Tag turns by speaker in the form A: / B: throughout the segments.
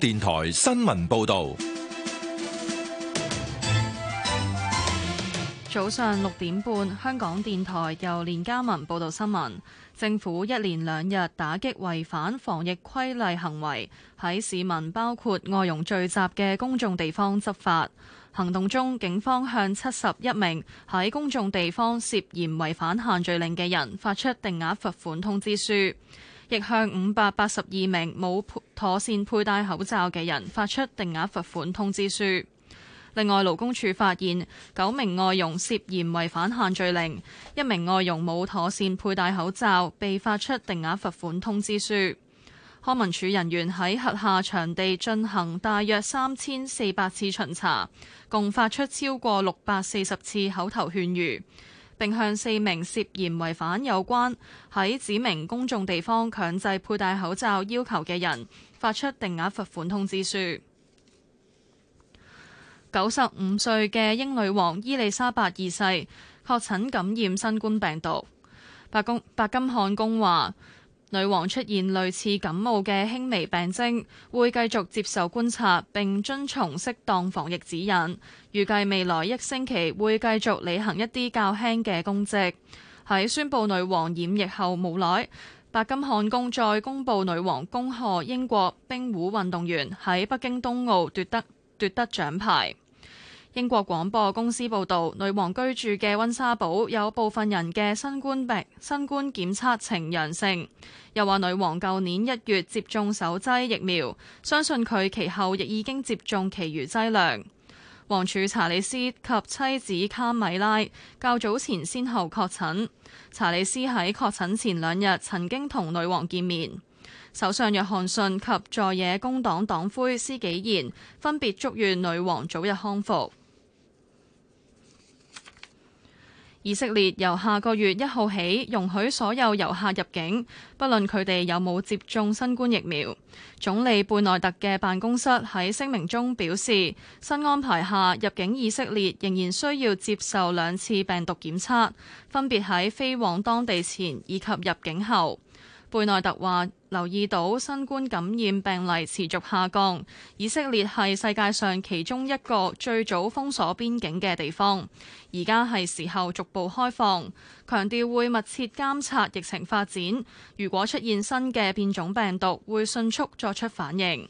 A: 電台新聞報道：
B: 早上六點半，香港電台由連家文報道新聞。政府一連兩日打擊違反防疫規例行為，喺市民包括外傭聚集嘅公眾地方執法。行動中，警方向七十一名喺公眾地方涉嫌違反限聚令嘅人發出定額罰款通知書。亦向五百八十二名冇妥善佩戴口罩嘅人發出定額罰款通知書。另外，勞工處發現九名外傭涉嫌違反限聚令，一名外傭冇妥善佩戴口罩，被發出定額罰款通知書。康文署人員喺轄下場地進行大約三千四百次巡查，共發出超過六百四十次口頭勸喻，並向四名涉嫌違反有關喺指明公眾地方強制佩戴口罩要求嘅人發出定額罰款通知書。九十五歲嘅英女王伊麗莎白二世確診感染新冠病毒，白宮白金漢宮話，女王出現類似感冒嘅輕微病徵，會繼續接受觀察並遵從適當防疫指引。預計未來一星期會繼續履行一啲較輕嘅公職。喺宣布女王染疫後冇耐，白金漢宮再公布女王恭賀英國冰壺運動員喺北京冬奧奪得奪得獎牌。英國廣播公司報道，女王居住嘅溫莎堡有部分人嘅新冠病新冠檢測呈陽性。又話女王舊年一月接種首劑疫苗，相信佢其後亦已經接種其餘劑量。王儲查理斯及妻子卡米拉較早前先後確診，查理斯喺確診前兩日曾經同女王見面。首相約翰遜及在野工黨黨魁施紀賢分別祝願女王早日康復。以色列由下個月一號起容許所有遊客入境，不論佢哋有冇接種新冠疫苗。總理貝內特嘅辦公室喺聲明中表示，新安排下入境以色列仍然需要接受兩次病毒檢測，分別喺飛往當地前以及入境後。貝內特話。留意到新冠感染病例持續下降，以色列係世界上其中一個最早封鎖邊境嘅地方，而家係時候逐步開放。強調會密切監察疫情發展，如果出現新嘅變種病毒，會迅速作出反應。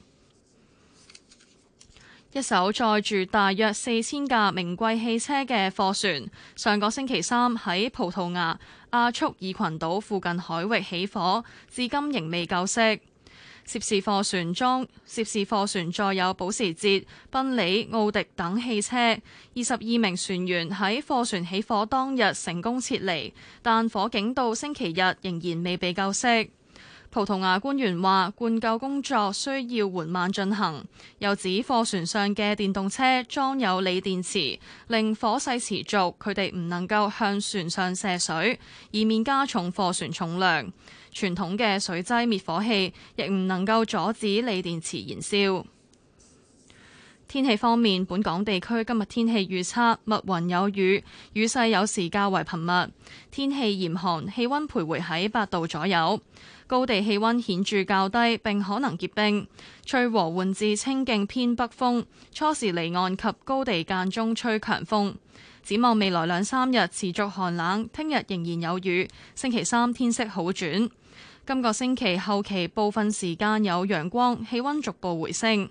B: 一艘載住大約四千架名貴汽車嘅貨船，上個星期三喺葡萄牙。亞速爾群島附近海域起火，至今仍未救熄。涉事貨船中，涉事貨船載有保時捷、賓利、奧迪等汽車，二十二名船員喺貨船起火當日成功撤離，但火警到星期日仍然未被救熄。葡萄牙官員話，灌救工作需要緩慢進行。又指貨船上嘅電動車裝有鋰電池，令火勢持續，佢哋唔能夠向船上射水，以免加重貨船重量。傳統嘅水劑滅火器亦唔能夠阻止鋰電池燃燒。天氣方面，本港地區今日天氣預測，密雲有雨，雨勢有時較為頻密，天氣嚴寒，氣溫徘徊喺八度左右。高地氣温顯著較低，並可能結冰。吹和緩至清勁偏北風，初時離岸及高地間中吹強風。展望未來兩三日持續寒冷，聽日仍然有雨，星期三天色好轉。今個星期後期部分時間有陽光，氣温逐步回升。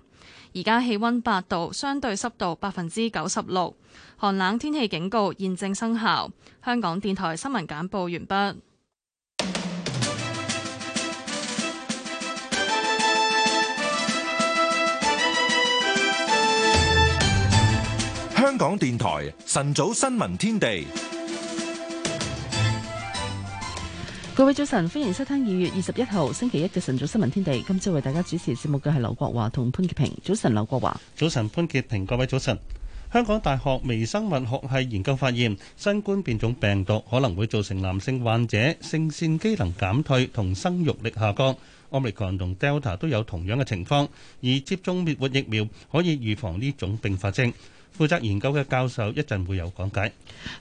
B: 而家氣温八度，相對濕度百分之九十六。寒冷天氣警告現正生效。香港電台新聞簡報完畢。
A: 香港電台晨早新聞天地，
C: 各位早晨，歡迎收聽二月二十一號星
D: 期一嘅晨早新聞天地。今朝為大家主持節目嘅係劉國華同潘潔平。早晨，劉國華。早晨，潘潔平。各位早晨。香港大學微生物學系研究發現，新冠變種病毒可能會造成男性患者性腺機能減退同生育力下降。Omicron 同 Delta 都有同樣嘅情況，而接種滅活疫苗可以預防呢種併發症。負責研究嘅教授一陣會有講解。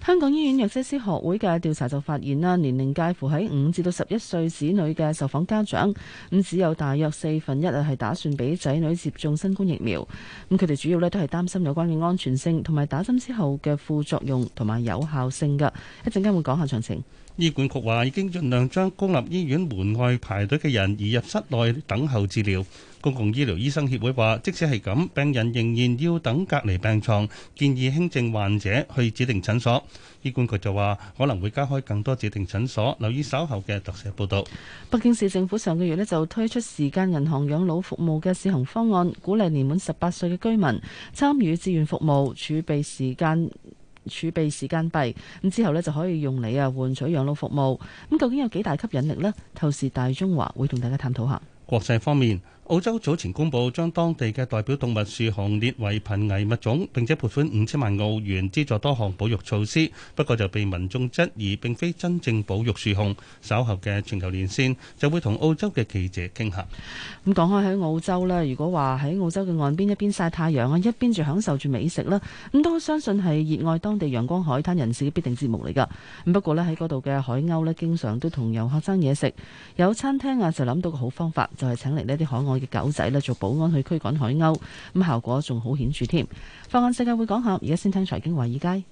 C: 香港醫院藥劑師學會嘅調查就發現啦，年齡介乎喺五至到十一歲子女嘅受訪家長，咁只有大約四分一啊係打算俾仔女接種新冠疫苗。咁佢哋主要咧都係擔心有關嘅安全性同埋打針之後嘅副作用同埋有效性噶。一陣間會講下詳情。
D: 醫管局話已經盡量將公立醫院門外排隊嘅人移入室內等候治療。公共醫療醫生協會話，即使係咁，病人仍然要等隔離病床，建議輕症患者去指定診所。醫管局就話可能會加開更多指定診所。留意稍後嘅特寫報導。
C: 北京市政府上個月呢就推出時間銀行養老服務嘅試行方案，鼓勵年滿十八歲嘅居民參與志願服務，儲備時間，儲備時間幣，咁之後呢就可以用嚟啊換取養老服務。咁究竟有幾大吸引力呢？透視大中華會同大家探討下。
D: 國際方面。澳洲早前公布將當地嘅代表動物樹熊列為瀕危物種，並且撥款五千萬澳元資助多項保育措施，不過就被民眾質疑並非真正保育樹熊。稍後嘅全球連線就會同澳洲嘅記者傾下。
C: 咁講開喺澳洲咧，如果話喺澳洲嘅岸邊一邊晒太陽啊，一邊就享受住美食啦。咁都相信係熱愛當地陽光海灘人士必定節目嚟噶。咁不過咧喺度嘅海鷗咧，經常都同遊客爭嘢食。有餐廳啊就諗到個好方法，就係請嚟呢啲海岸。嘅狗仔咧，做保安去驅趕海鷗，咁效果仲好顯著添。放眼世界會講下，而家先聽財經華爾街。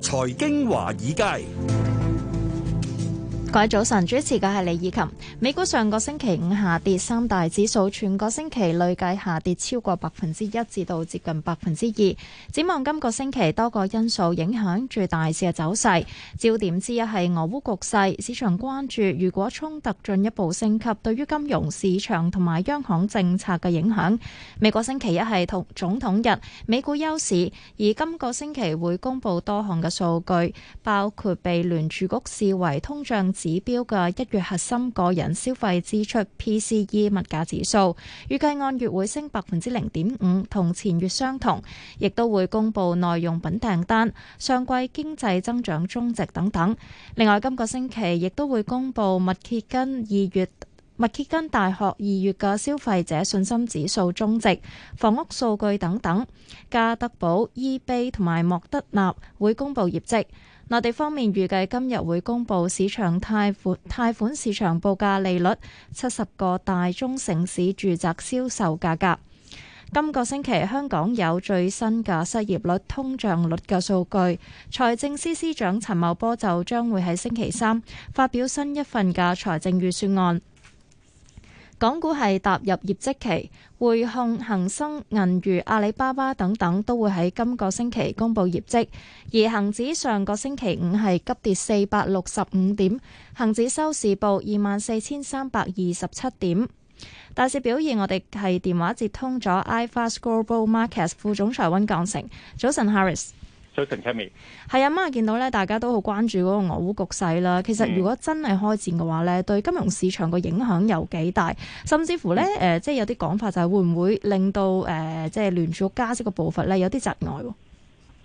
E: 財經華爾街。
F: 各位早晨，主持嘅係李以琴。美股上個星期五下跌，三大指數全個星期累計下跌超過百分之一，至到接近百分之二。展望今個星期，多個因素影響住大市嘅走勢。焦點之一係俄烏局勢，市場關注如果衝突進一步升級，對於金融市場同埋央行政策嘅影響。美國星期一係統總統日，美股休市。而今個星期會公布多項嘅數據，包括被聯儲局視為通脹。指標嘅一月核心個人消費支出 PCE 物價指數預計按月會升百分之零點五，同前月相同，亦都會公布耐用品訂單、上季經濟增長終值等等。另外，今個星期亦都會公布密歇根二月、密歇根大學二月嘅消費者信心指數終值、房屋數據等等。加德堡、eBay 同埋莫德納會公布業績。內地方面預計今日會公布市場貸款，貸款市場報價利率、七十個大中城市住宅銷售價格。今個星期香港有最新嘅失業率、通脹率嘅數據。財政司司，司長陳茂波就將會喺星期三發表新一份嘅財政預算案。港股係踏入業績期，匯控、恒生、銀娛、阿里巴巴等等都會喺今個星期公布業績。而恒指上個星期五係急跌四百六十五點，恒指收市報二萬四千三百二十七點。大市表現，我哋係電話接通咗 iFast Global Markets 副總裁温鋼城。早晨，Harris。係啊，咁啊，見到咧，大家都好關注嗰個俄烏局勢啦。其實，如果真係開戰嘅話咧，對金融市場個影響有幾大，甚至乎咧，誒、嗯呃，即係有啲講法就係會唔會令到誒、呃，即係聯儲加息嘅步伐咧有啲窒礙。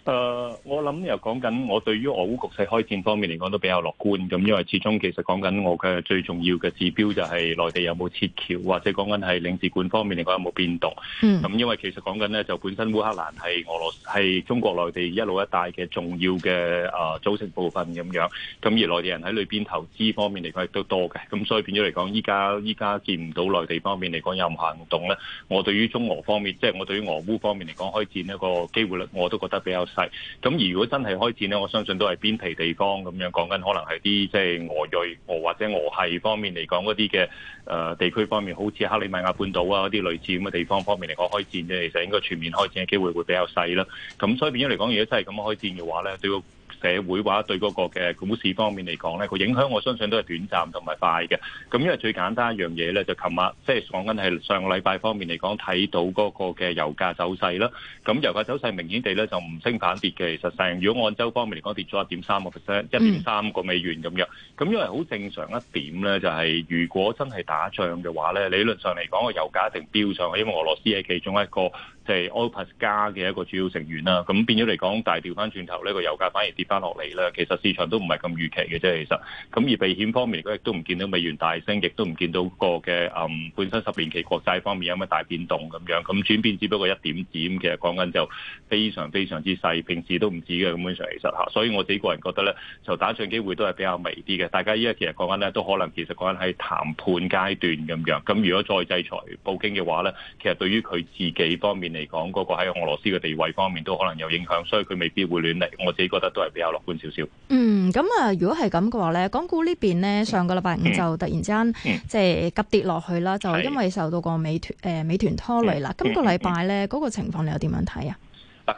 G: 誒，uh, 我諗又講緊，我對於俄烏局勢開戰方面嚟講都比較樂觀，咁因為始終其實講緊我嘅最重要嘅指標就係內地有冇撤僑，或者講緊係領事館方面嚟講有冇變動。咁、mm. 因為其實講緊呢，就本身烏克蘭係俄羅斯係中國內地一路一帶嘅重要嘅誒組成部分咁樣，咁而內地人喺裏邊投資方面嚟講亦都多嘅，咁所以變咗嚟講，依家依家見唔到內地方面嚟講有唔行動呢，我對於中俄方面，即、就、係、是、我對於俄烏方面嚟講開戰一個機會率，我都覺得比較。係咁，如果真係開戰咧，我相信都係邊皮地方咁樣講緊，可能係啲即係俄裔、俄或者俄系方面嚟講嗰啲嘅誒地區方面，好似克里米亞半島啊嗰啲類似咁嘅地方方面嚟講開戰啫，其實應該全面開戰嘅機會會比較細啦。咁所以變咗嚟講，如果真係咁樣開戰嘅話咧，都社會話對嗰個嘅股市方面嚟講咧，佢影響我相信都係短暫同埋快嘅。咁因為最簡單一樣嘢咧，就琴日即係講緊係上個禮拜方面嚟講，睇到嗰個嘅油價走勢啦。咁油價走勢明顯地咧就唔升反跌嘅。其實成，如果按周方面嚟講，跌咗一點三個 percent，一點三個美元咁樣。咁、嗯、因為好正常一點咧、就是，就係如果真係打仗嘅話咧，理論上嚟講個油價一定飆上去，因為俄羅斯係其中一個。就係 OPEC 加嘅一個主要成員啦，咁變咗嚟講，大調翻轉頭呢個油價反而跌翻落嚟啦。其實市場都唔係咁預期嘅啫，其實咁而避險方面，亦都唔見到美元大升，亦都唔見到個嘅、嗯、本身十年期國債方面有咩大變動咁樣。咁轉變只不過一點點，其實講緊就非常非常之細，平時都唔止嘅咁樣上其實嚇。所以我自己個人覺得咧，就打仗機會都係比較微啲嘅。大家依家其實講緊咧，都可能其實講緊喺談判階段咁樣。咁如果再制裁普京嘅話咧，其實對於佢自己方面，嚟講，嗰個喺俄羅斯嘅地位方面都可能有影響，所以佢未必會亂嚟。我自己覺得都係比較樂觀少少、嗯。
F: 嗯，咁啊，如果係咁嘅話咧，港股呢邊咧上個禮拜五就突然之間即係急跌落去啦，是就因為受到個美團誒、呃、美團拖累啦。嗯、今個禮拜咧嗰個情況你又點樣睇啊？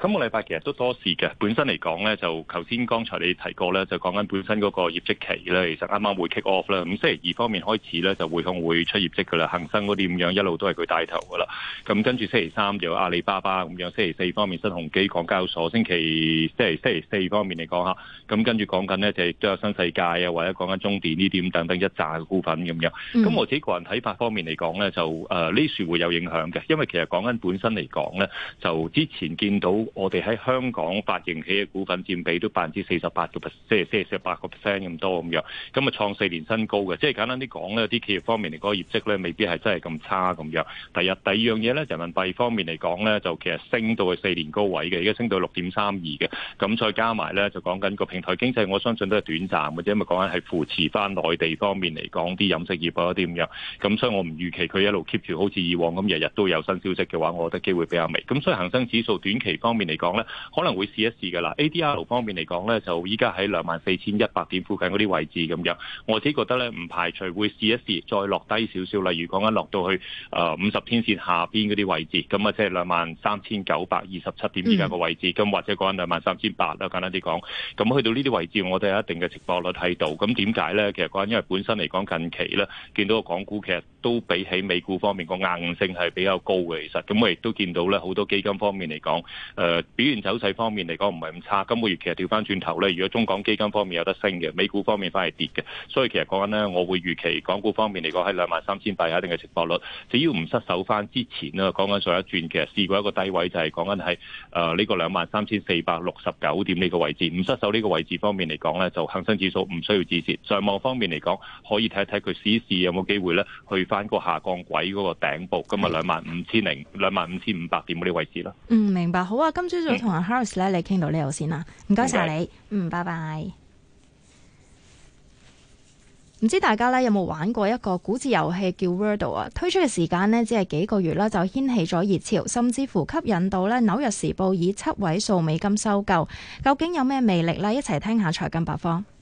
G: 今個禮拜其實都多事嘅，本身嚟講咧就頭先剛才你提過咧，就講緊本身嗰個業績期咧，其實啱啱會 kick off 啦。咁星期二方面開始咧，就匯控會出業績噶啦，恒生嗰啲咁樣一路都係佢帶頭噶啦。咁跟住星期三有阿里巴巴咁樣，星期四方面新鴻基港交所星期即係星期四方面嚟講嚇，咁跟住講緊咧就亦、是、都有新世界啊，或者講緊中電呢啲咁等等一扎股份咁樣。咁我自己個人睇法方面嚟講咧，就誒呢樹會有影響嘅，因為其實講緊本身嚟講咧，就之前見到。我哋喺香港發盈喜企業嘅股份佔比都百分之四十八個，即係四十八個 percent 咁多咁樣，咁啊創四年新高嘅，即係簡單啲講呢，啲企業方面嚟嗰個業績呢未必係真係咁差咁樣。第二第二樣嘢呢，人民幣方面嚟講呢，就其實升到去四年高位嘅，而家升到六點三二嘅，咁再加埋呢，就講緊個平台經濟，我相信都係短暫或者因為講緊係扶持翻內地方面嚟講啲飲食業啊啲咁樣，咁所以我唔預期佢一路 keep 住好似以往咁日日都有新消息嘅話，我覺得機會比較微。咁所以恒生指數短期方，方面嚟講咧，可能會試一試噶啦。ADR 方面嚟講咧，就依家喺兩萬四千一百點附近嗰啲位置咁樣，我自己覺得咧唔排除會試一試，再落低少少。例如講緊落到去誒五十天線下邊嗰啲位置，咁啊即係兩萬三千九百二十七點以下嘅位置，咁、嗯、或者講緊兩萬三千八啦，簡單啲講。咁去到呢啲位置，我哋有一定嘅直播率喺度。咁點解咧？其實講緊因為本身嚟講近期咧，見到個港股其實都比起美股方面個硬性係比較高嘅。其實咁我亦都見到咧，好多基金方面嚟講。誒、呃、表現走勢方面嚟講唔係咁差，今個月其實調翻轉頭咧。如果中港基金方面有得升嘅，美股方面反而跌嘅，所以其實講緊呢，我會預期港股方面嚟講喺兩萬三千八一定嘅值博率，只要唔失守翻之前呢，講緊上一轉，其實試過一個低位就係講緊喺誒呢個兩萬三千四百六十九點呢個位置，唔失守呢個位置方面嚟講咧，就恒生指數唔需要止蝕。上網方面嚟講，可以睇一睇佢試試有冇機會咧，去翻個下降軌嗰個頂部，今日兩萬五千零兩萬五千五百點呢個位置啦。
F: 嗯，明白，好。哇！今朝早同阿 Harris 咧，你傾到呢度先啦，唔該晒你，謝謝嗯，拜拜。唔知大家咧有冇玩過一個古字遊戲叫 Wordle 啊？推出嘅時間呢，只係幾個月啦，就掀起咗熱潮，甚至乎吸引到咧紐約時報以七位數美金收購。究竟有咩魅力呢？一齊聽一下財金八方。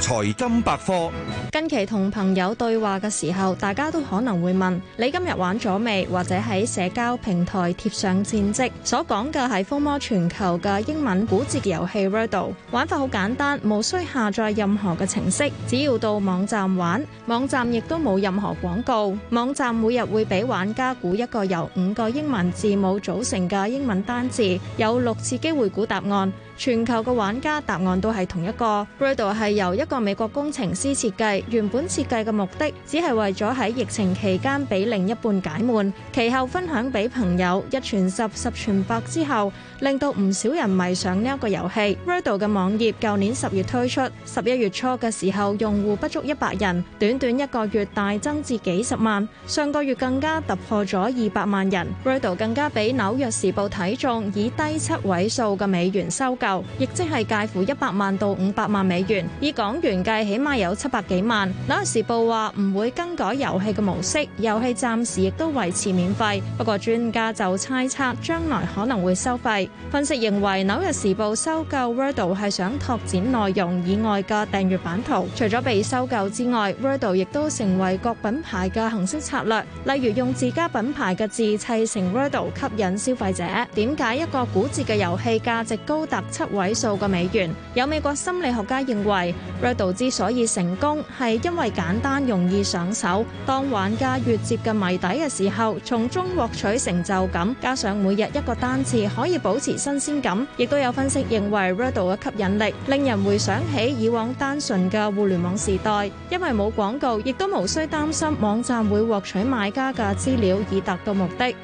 H: 財金百科。
F: 近期同朋友對話嘅時候，大家都可能會問：你今日玩咗未？或者喺社交平台貼上戰績。所講嘅係《風魔全球》嘅英文估字遊戲 Riddle，玩法好簡單，無需下載任何嘅程式，只要到網站玩。網站亦都冇任何廣告。網站每日會俾玩家估一個由五個英文字母組成嘅英文單字，有六次機會估答案。全球嘅玩家答案都係同一個，Wordle 係由一個美國工程師設計，原本設計嘅目的只係為咗喺疫情期間俾另一半解悶，其後分享俾朋友，一傳十，十傳百之後，令到唔少人迷上呢一個遊戲。Riddle 嘅網頁舊年十月推出，十一月初嘅時候用戶不足一百人，短短一個月大增至幾十萬，上個月更加突破咗二百萬人。Riddle 更加俾《紐約時報》睇中，以低七位數嘅美元收購，亦即係介乎一百萬到五百萬美元。以港元計起碼有七百幾萬，《紐約時報》話唔會更改遊戲嘅模式，遊戲暫時亦都維持免費。不過專家就猜測將來可能會收費。分析認為《紐約時報》收購 Wordle 係想拓展內容以外嘅訂閱版圖。除咗被收購之外，Wordle 亦都成為各品牌嘅行銷策略，例如用自家品牌嘅字砌成 Wordle 吸引消費者。點解一個估字嘅遊戲價值高達七位數嘅美元？有美國心理學家認為，Wordle 之所以成功係因為簡單容易上手。當玩家越接近謎底嘅時候，從中獲取成就感，加上每日一個單字可以保持新鮮感，亦都有分析認為 Rado 嘅吸引力令人回想起以往單純嘅互聯網時代，因為冇廣告，亦都無需擔心網站會獲取買家嘅資料以達到目的。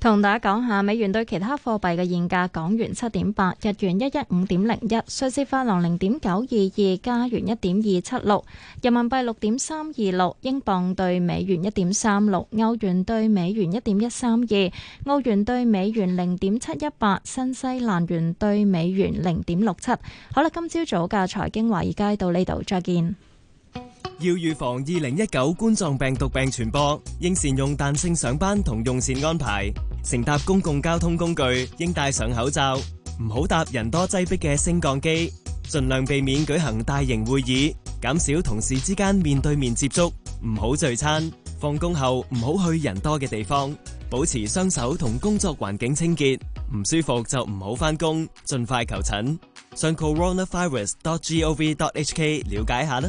F: 同大家講下美元對其他貨幣嘅現價：港元七點八，日元一一五點零一，瑞士法郎零點九二二，加元一點二七六，人民幣六點三二六，英鎊對美元一點三六，歐元對美元一點一三二，澳元對美元零點七一八，新西蘭元對美元零點六七。好啦，今朝早嘅財經華爾街到呢度，再見。
I: 要預防二零一九冠狀病毒病傳播，應善用彈性上班同用膳安排。乘搭公共交通工具應戴上口罩，唔好搭人多擠逼嘅升降機。盡量避免舉行大型會議，減少同事之間面對面接觸。唔好聚餐，放工後唔好去人多嘅地方，保持雙手同工作環境清潔。唔舒服就唔好翻工，盡快求診。上 coronavirus.gov.hk 了解下啦。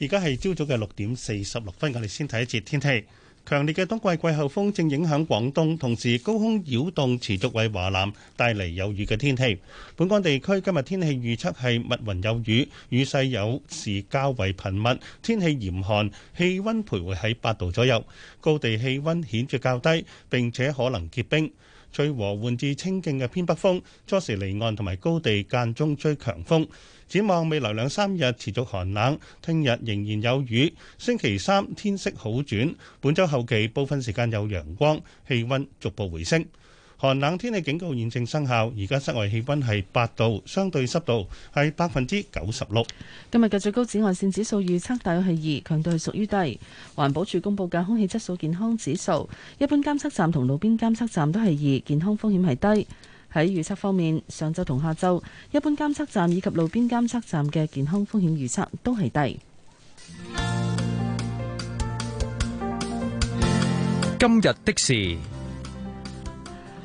D: 而家係朝早嘅六點四十六分，我哋先睇一節天氣。強烈嘅冬季季候風正影響廣東，同時高空擾動持續為華南帶嚟有雨嘅天氣。本港地區今日天氣預測係密雲有雨，雨勢有時較為頻密，天氣嚴寒，氣溫徘徊喺八度左右，高地氣溫顯著較低，並且可能結冰。吹和緩至清勁嘅偏北風，初時離岸同埋高地間中吹強風。展望未來兩三日持續寒冷，聽日仍然有雨。星期三天色好轉，本週後期部分時間有陽光，氣温逐步回升。寒冷天氣警告現正生效，而家室外氣温係八度，相對濕度係百分之九十六。
C: 今日嘅最高紫外線指數預測大約係二，強度係屬於低。環保署公佈嘅空氣質素健康指數，一般監測站同路邊監測站都係二，健康風險係低。喺預測方面，上晝同下晝，一般監測站以及路邊監測站嘅健康風險預測都係低。
I: 今日的事，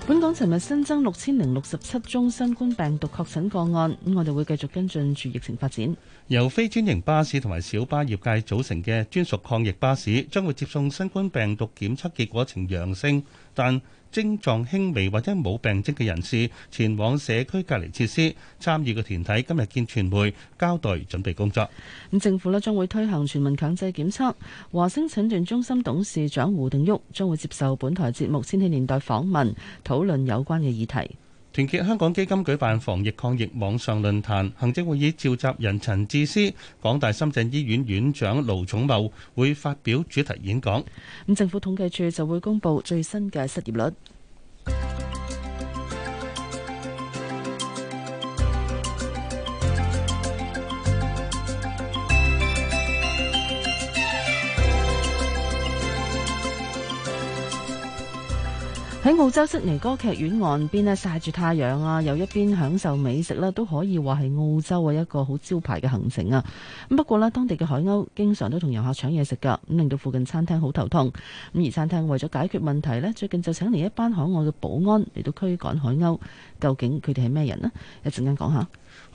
C: 本港尋日新增六千零六十七宗新冠病毒確診個案，我哋會繼續跟進住疫情發展。
D: 由非專營巴士同埋小巴業界組成嘅專屬抗疫巴士，將會接送新冠病毒檢測結果呈陽性，但。症狀輕微或者冇病徵嘅人士前往社區隔離設施。參與嘅團體今日見傳媒交代準備工作。咁政府呢將
C: 會推行全民強制檢測。華星診斷中心董事長胡定旭將會接受本台節目《千禧年代》訪問，討論有關嘅議題。
D: 團結香港基金舉辦防疫抗疫網上論壇，行政會議召集人陳智思、港大深圳醫院院長盧寵茂會發表主題演講。
C: 咁，政府統計處就會公布最新嘅失業率。喺澳洲悉尼歌劇院岸邊呢，曬住太陽啊，又一邊享受美食啦，啊，都可以話係澳洲啊一個好招牌嘅行程啊。咁不過咧，當地嘅海鷗經常都同遊客搶嘢食噶，咁令到附近餐廳好頭痛。咁而餐廳為咗解決問題呢，最近就請嚟一班海外嘅保安嚟到驅趕海鷗。究竟佢哋係咩人呢？一陣間
D: 講下。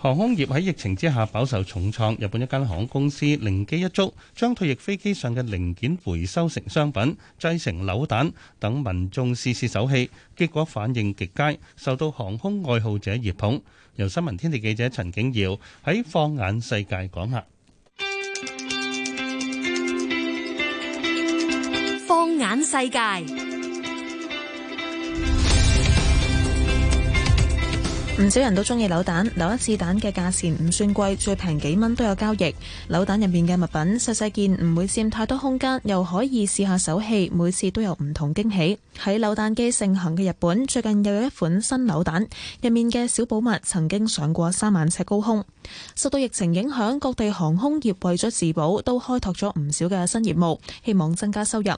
D: 航空業喺疫情之下飽受重創，日本一間航空公司靈機一觸，將退役飛機上嘅零件回收成商品，製成扭蛋等民眾試試手氣，結果反應極佳，受到航空愛好者熱捧。由新聞天地記者陳景堯喺放眼世界講下。
J: 放眼世界。唔少人
K: 都中意扭蛋，扭一次蛋嘅價錢唔算貴，最平幾蚊都有交易。扭蛋入面嘅物品細細件，唔會佔太多空間，又可以試下手氣，每次都有唔同驚喜。喺扭蛋機盛行嘅日本，最近又有一款新扭蛋，入面嘅小寶物曾經上過三萬尺高空。受到疫情影響，各地航空業為咗自保，都開拓咗唔少嘅新業務，希望增加收入。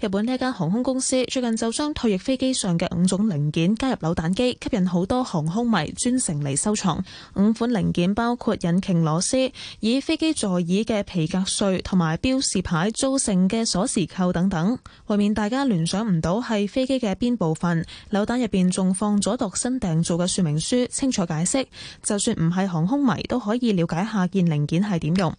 K: 日本呢一間航空公司最近就將退役飛機上嘅五種零件加入扭蛋機，吸引好多航空迷。專程嚟收藏五款零件，包括引擎螺絲、以飛機座椅嘅皮革碎同埋標示牌造成嘅鎖匙扣等等。為免大家聯想唔到係飛機嘅邊部分，扭蛋入邊仲放咗度身訂做嘅說明書，清楚解釋，就算唔係航空迷都可以了解下件零件係點用。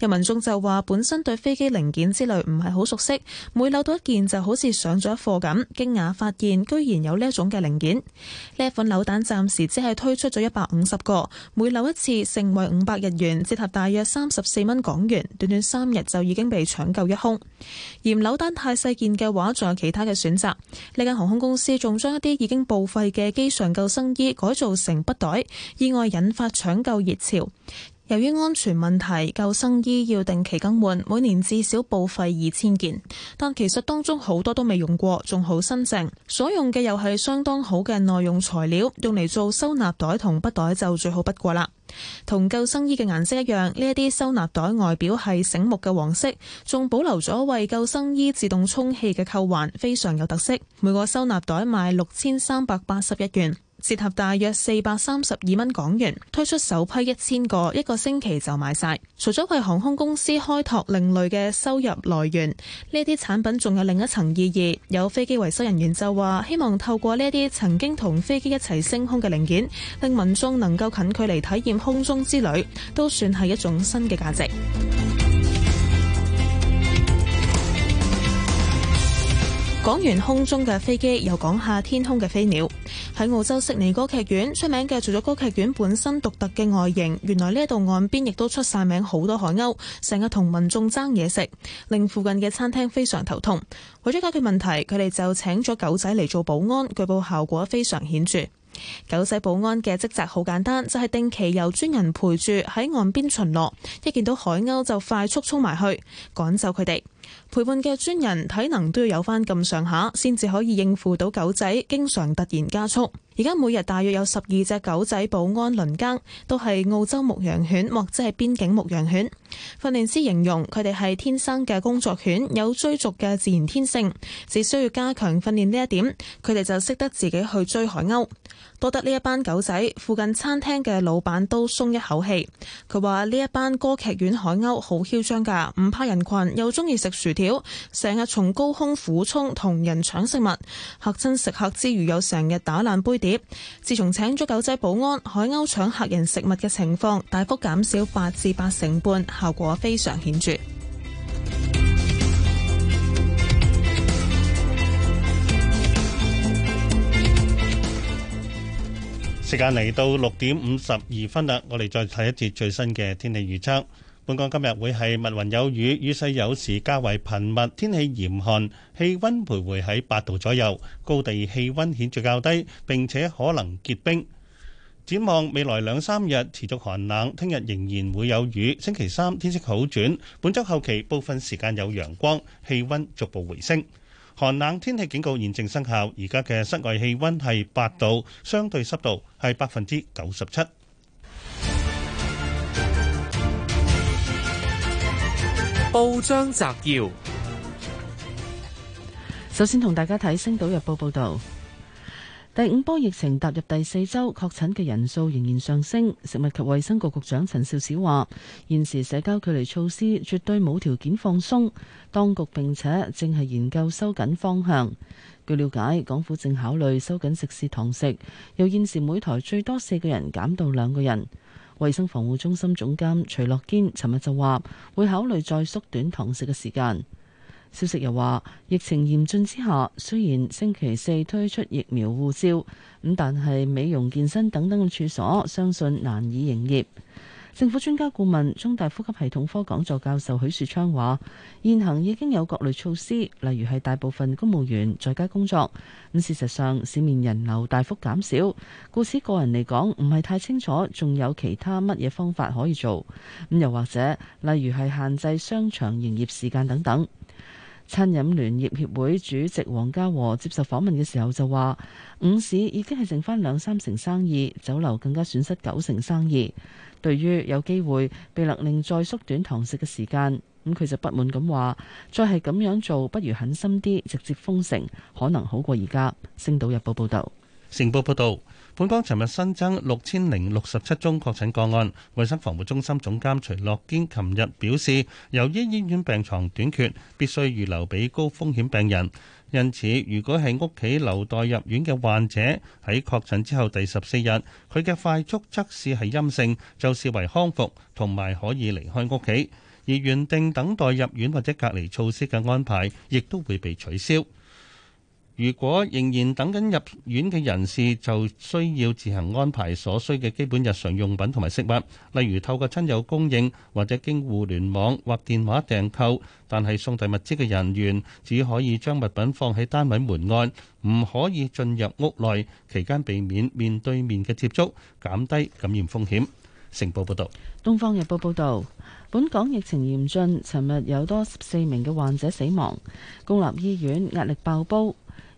K: 有民眾就話，本身對飛機零件之類唔係好熟悉，每扭到一件就好似上咗一課咁，驚訝發現居然有呢一種嘅零件。呢一款扭蛋暫時即。係推出咗一百五十個，每扭一次，成為五百日元，折合大約三十四蚊港元。短短三日就已經被搶購一空。嫌扭蛋太細件嘅話，仲有其他嘅選擇。呢間航空公司仲將一啲已經報廢嘅機上救生衣改造成筆袋，意外引發搶購熱潮。由於安全問題，救生衣要定期更換，每年至少報廢二千件。但其實當中好多都未用過，仲好新淨。所用嘅又係相當好嘅耐用材料，用嚟做收納袋同筆袋就最好不過啦。同救生衣嘅顏色一樣，呢一啲收納袋外表係醒目嘅黃色，仲保留咗為救生衣自動充氣嘅扣環，非常有特色。每個收納袋賣六千三百八十一元。折合大約四百三十二蚊港元，推出首批一千個，一個星期就賣晒，除咗為航空公司開拓另類嘅收入來源，呢啲產品仲有另一層意義，有飛機維修人員就話希望透過呢啲曾經同飛機一齊升空嘅零件，令民眾能夠近距離體驗空中之旅，都算係一種新嘅價值。講完空中嘅飛機，又講下天空嘅飛鳥。喺澳洲悉尼歌劇院出名嘅除咗歌劇院本身獨特嘅外形。原來呢一度岸邊亦都出晒名，好多海鷗成日同民眾爭嘢食，令附近嘅餐廳非常頭痛。為咗解決問題，佢哋就請咗狗仔嚟做保安，據報效果非常顯著。狗仔保安嘅職責好簡單，就係定期有專人陪住喺岸邊巡邏，一見到海鷗就快速衝埋去趕走佢哋。陪伴嘅專人體能都要有翻咁上下，先至可以應付到狗仔經常突然加速。而家每日大約有十二隻狗仔保安輪更，都係澳洲牧羊犬或者係邊境牧羊犬。訓練師形容佢哋係天生嘅工作犬，有追逐嘅自然天性，只需要加強訓練呢一點，佢哋就識得自己去追海鷗。多得呢一班狗仔，附近餐廳嘅老闆都鬆一口氣。佢話：呢一班歌劇院海鷗好囂張㗎，唔怕人群，又中意食薯條，成日從高空俯衝同人搶食物，嚇親食客之餘，有成日打爛杯碟。自從請咗狗仔保安，海鷗搶客人食物嘅情況大幅減少八至八成半，效果非常顯
D: 著。時間嚟到六點五十二分啦，我哋再睇一節最新嘅天氣預測。本港今日會係密雲有雨，雨勢有時較為頻密，天氣嚴寒，氣溫徘徊喺八度左右，高地氣溫顯著較低，並且可能結冰。展望未來兩三日持續寒冷，聽日仍然會有雨，星期三天色好轉，本周後期部分時間有陽光，氣溫逐步回升。寒冷天氣警告現正生效，而家嘅室外氣溫係八度，相對濕度係百分之九十七。
L: 報章摘要：
C: 首先同大家睇《星島日報》報道，第五波疫情踏入第四周，確診嘅人數仍然上升。食物及衛生局局長陳肇始話，現時社交距離措施絕對冇條件放鬆，當局並且正係研究收緊方向。據了解，港府正考慮收緊食肆堂食，由現時每台最多四個人減到兩個人。衛生防護中心總監徐樂堅尋日就話會考慮再縮短堂食嘅時間。消息又話疫情嚴峻之下，雖然星期四推出疫苗護照，咁但係美容、健身等等嘅處所，相信難以營業。政府專家顧問、中大呼吸系統科講座教授許樹昌話：現行已經有各類措施，例如係大部分公務員在家工作咁。事實上，市面人流大幅減少，故此個人嚟講唔係太清楚，仲有其他乜嘢方法可以做咁？又或者例如係限制商場營業時間等等。餐飲聯業協會主席黃家和接受訪問嘅時候就話：午市已經係剩返兩三成生意，酒樓更加損失九成生意。對於有機會被勒令再縮短堂食嘅時間，咁佢就不滿咁話，再係咁樣做，不如狠心啲，直接封城，可能好過而家。星島日報報道，
D: 晨報報導，本港尋日新增六千零六十七宗確診個案，衞生防護中心總監徐樂堅琴日表示，由於醫院病床短缺，必須預留俾高風險病人。因此，如果係屋企留待入院嘅患者喺確診之後第十四日，佢嘅快速測試係陰性，就視為康復，同埋可以離開屋企，而原定等待入院或者隔離措施嘅安排，亦都會被取消。如果仍然等緊入院嘅人士，就需要自行安排所需嘅基本日常用品同埋食物，例如透過親友供應或者經互聯網或電話訂購。但係送遞物資嘅人員只可以將物品放喺單位門外，唔可以進入屋內。期間避免面對面嘅接觸，減低感染風險。成報報道。
C: 《東方日報》報道，本港疫情嚴峻，尋日有多十四名嘅患者死亡，公立醫院壓力爆煲。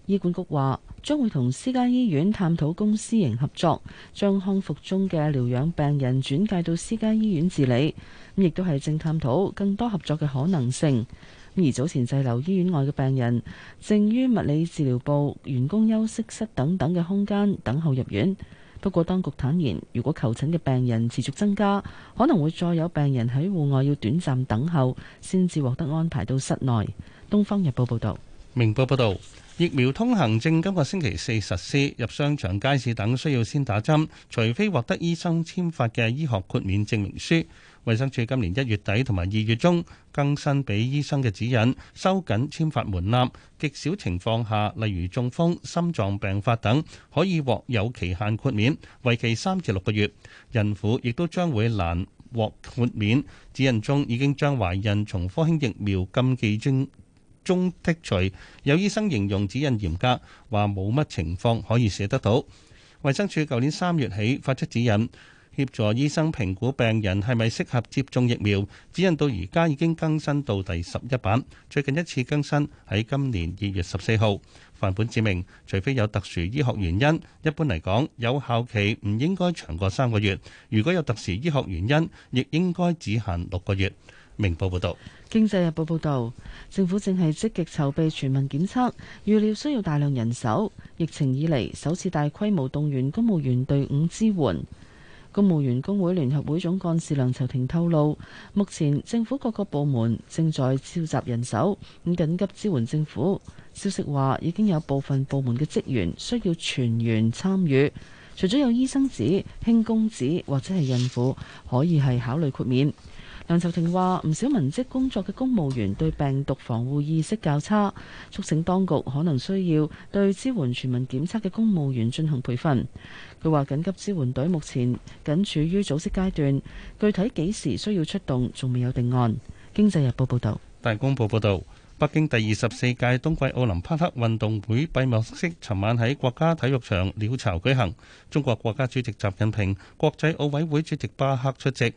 C: 醫管局話將會同私家醫院探討公私營合作，將康復中嘅療養病人轉介到私家醫院治理。咁亦都係正探討更多合作嘅可能性。而早前滯留醫院外嘅病人正於物理治療部、員工休息室等等嘅空間等候入院。不過當局坦言，如果求診嘅病人持續增加，可能會再有病人喺戶外要短暫等候，先至獲得安排到室內。東方日報報道，
D: 明報報道。疫苗通行證今個星期四實施，入商場、街市等需要先打針，除非獲得醫生簽發嘅醫學豁免證明書。衛生署今年一月底同埋二月中更新俾醫生嘅指引，收緊簽發門檻。極少情況下，例如中風、心臟病發等，可以獲有期限豁免，為期三至六個月。孕婦亦都將會難獲豁免。指引中已經將懷孕從科興疫苗禁忌症中剔除。有醫生形容指引嚴格，話冇乜情況可以寫得到。衛生署舊年三月起發出指引，協助醫生評估病人係咪適合接種疫苗。指引到而家已經更新到第十一版，最近一次更新喺今年二月十四號。範本指明，除非有特殊醫學原因，一般嚟講有效期唔應該長過三個月。如果有特殊醫學原因，亦應該只限六個月。明報報道，
C: 《經濟日報》報道，政府正係積極籌備全民檢測，預料需要大量人手。疫情以嚟，首次大規模動員公務員隊伍支援。公務員工會聯合會總幹事梁籌庭透露，目前政府各個部門正在召集人手，咁緊急支援政府。消息話已經有部分部門嘅職員需要全員參與，除咗有醫生紙、輕紙輕工紙或者係孕婦可以係考慮豁免。梁籌庭話：唔少文職工作嘅公務員對病毒防護意識較差，促請當局可能需要對支援全民檢測嘅公務員進行培訓。佢話緊急支援隊目前僅處於組織階段，具體幾時需要出動仲未有定案。經濟日報報道，
D: 大公報報道，北京第二十四屆冬季奧林匹克運動會閉幕式尋晚喺國家體育場鳥巢舉行，中國國家主席習近平、國際奧委會主席巴赫出席。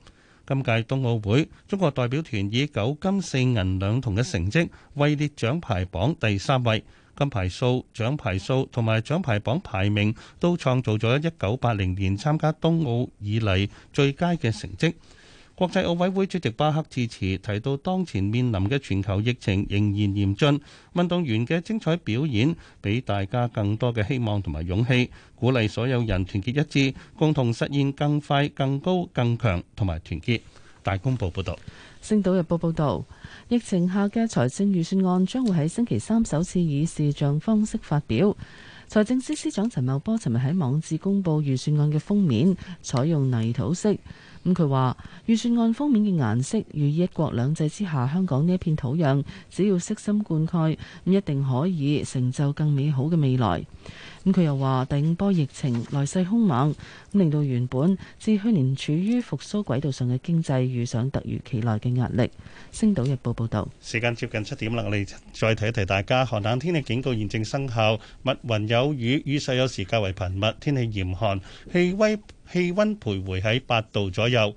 D: 今屆冬奧會，中國代表團以九金四銀兩銅嘅成績位列獎牌榜第三位，金牌數、獎牌數同埋獎牌榜排名都創造咗一九八零年參加冬奧以嚟最佳嘅成績。國際奧委會主席巴克致辭，提到當前面臨嘅全球疫情仍然嚴峻，運動員嘅精彩表演俾大家更多嘅希望同埋勇氣，鼓勵所有人團結一致，共同實現更快、更高、更強同埋團結。大公報報道，
C: 《星島日報》報道，疫情下嘅財政預算案將會喺星期三首次以視像方式發表。財政司司長陳茂波尋日喺網誌公布預算案嘅封面，採用泥土色。咁佢話預算案封面嘅顏色，與一國兩制之下香港呢一片土壤，只要悉心灌溉，咁一定可以成就更美好嘅未來。咁佢又話第五波疫情來勢凶猛，咁令到原本自去年處於復甦軌道上嘅經濟遇上突如其來嘅壓力。星島
D: 日報報導。時間接近七點啦，我哋再提一提大家，寒冷天氣警告現正生效，密雲有雨，雨勢有時較為頻密，天氣嚴寒，氣温氣温徘徊喺八度左右，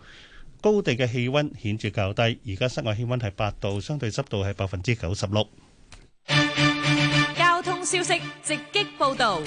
D: 高地嘅氣温顯著較低。而家室外氣温係八
M: 度，相對濕度係百分之九十六。
B: 消息直擊報導。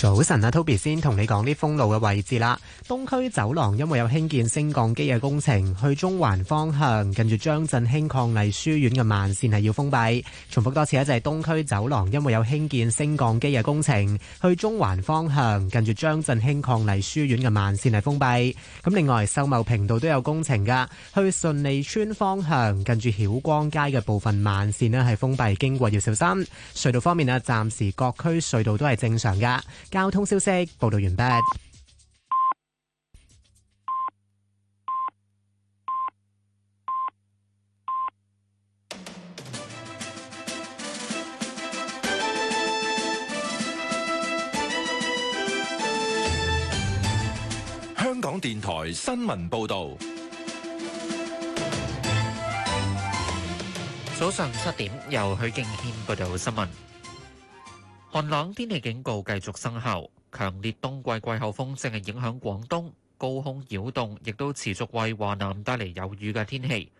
M: 早晨啊，Toby 先同你講啲封路嘅位置啦。東區走廊因為有興建升降機嘅工程，去中環方向近住張振興伉儷書院嘅慢線係要封閉。重複多次啊，就係東區走廊因為有興建升降機嘅工程，去中環方向近住張振興伉儷書院嘅慢線係封閉。咁另外秀茂坪道都有工程噶，去順利村方向近住曉光街嘅部分慢線咧係封閉，經過要小心。隧道方面啊，暫時各區隧道都係正常噶。交通消息報道完畢。
A: 香港電台新聞報道。
L: 早上七點，由許敬軒報道新聞。寒冷天氣警告繼續生效，強烈冬季季候風正係影響廣東，高空擾動亦都持續為華南帶嚟有雨嘅天氣。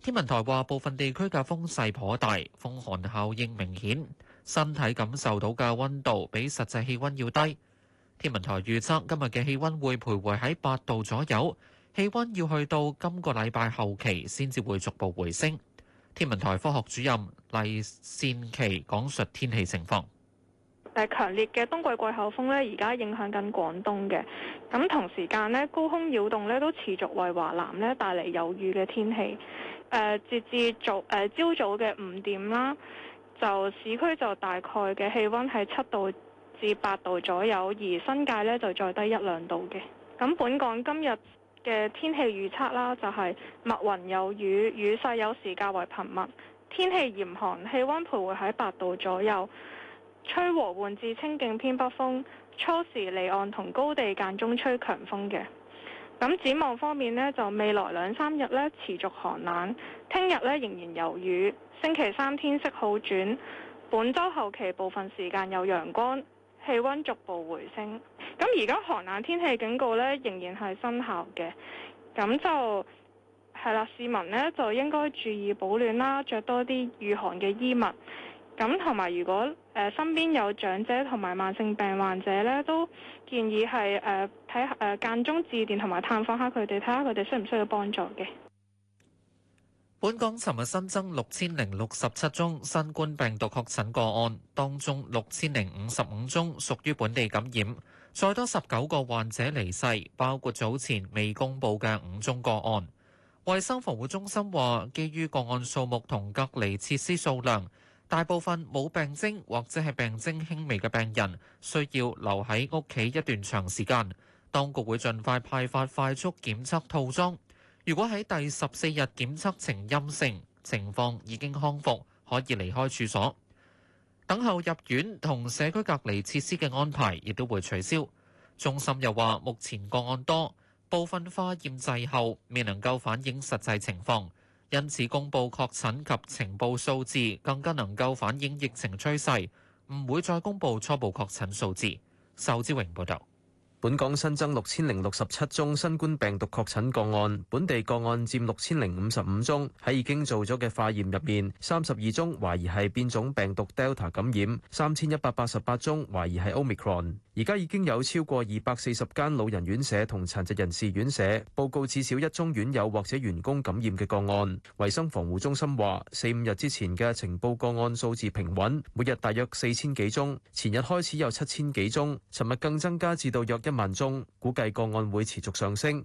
L: 天文台話，部分地區嘅風勢頗大，風寒效應明顯，身體感受到嘅温度比實際氣温要低。天文台預測今日嘅氣温會徘徊喺八度左右，氣温要去到今個禮拜後期先至會逐步回升。天文台科學主任黎善琪講述天氣情況。
N: 誒強烈嘅冬季季候風呢，而家影響緊廣東嘅。咁同時間呢，高空擾動呢都持續為華南呢帶嚟有雨嘅天氣。誒、呃，截至早誒朝、呃、早嘅五點啦，就市區就大概嘅氣温係七度至八度左右，而新界呢就再低一兩度嘅。咁本港今日嘅天氣預測啦，就係、是、密雲有雨，雨勢有時較為頻密，天氣嚴寒，氣温徘徊喺八度左右。吹和緩至清勁偏北風，初時離岸同高地間中吹強風嘅。咁展望方面呢，就未來兩三日呢持續寒冷，聽日呢仍然有雨，星期三天色好轉，本週後期部分時間有陽光，氣温逐步回升。咁而家寒冷天氣警告呢，仍然係生效嘅，咁就係啦，市民呢，就應該注意保暖啦，着多啲御寒嘅衣物。咁同埋如果誒身邊有長者同埋慢性病患者咧，都建議係誒睇誒間中致電同埋探訪下佢哋，睇下佢哋需唔需要幫助嘅。
L: 本港尋日新增六千零六十七宗新冠病毒確診個案，當中六千零五十五宗屬於本地感染，再多十九個患者離世，包括早前未公佈嘅五宗個案。衞生防護中心話，基於個案數目同隔離設施數量。大部分冇病徵或者係病徵輕微嘅病人需要留喺屋企一段長時間。當局會盡快派發快速檢測套裝。如果喺第十四日檢測呈陰性，情況已經康復，可以離開處所。等候入院同社區隔離設施嘅安排亦都會取消。中心又話，目前個案多，部分化驗滯後未能夠反映實際情況。因此，公布確診及情報數字更加能夠反映疫情趨勢，唔會再公布
I: 初步確診數字。仇志榮報導，本港新增六千零六十七宗新冠病毒確診個案，本地個案佔六千零五十五宗。喺已經做咗嘅化驗入面，三十二宗懷疑係變種病毒 Delta 感染，三千一百八十八宗懷疑係 Omicron。而家已經有超過二百四十間老人院舍同殘疾人士院舍報告至少一宗院友或者員工感染嘅個案。衞生防護中心話，四五日之前嘅呈報個案數字平穩，每日大約四千幾宗。前日開始有七千幾宗，尋日更增加至到約一萬宗，估計個案會持續上升。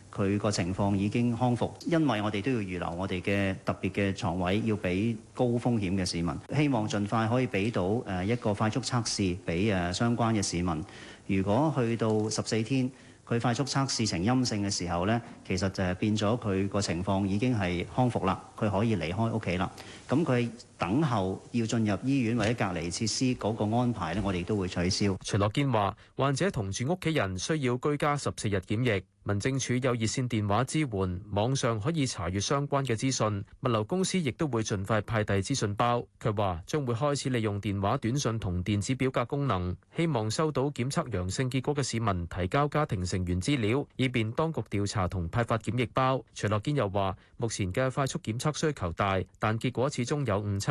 H: 佢個情況已經康復，因為我哋都要預留我哋嘅特別嘅床位，要俾高風險嘅市民。希望盡快可以俾到誒一個快速測試俾誒相關嘅市民。如果去到十四天，佢快速測試呈陰性嘅時候呢，其實就係變咗佢個情況已經係康復啦，佢可以離開屋企啦。咁佢，等候要進入
I: 醫院或者隔離設施嗰個安排咧，我哋都會取消。徐樂堅話：患者同住屋企人需要居家十四日檢疫，民政處有熱線電話支援，網上可以查閱相關嘅資訊，物流公司亦都會盡快派遞資訊包。佢話將會開始利用電話、短信同電子表格功能，希望收到檢測陽性結果嘅市民提交家庭成員資料，以便當局調查同派發檢疫包。徐樂堅又話：目前嘅快速檢測需求大，但結果始終有誤差。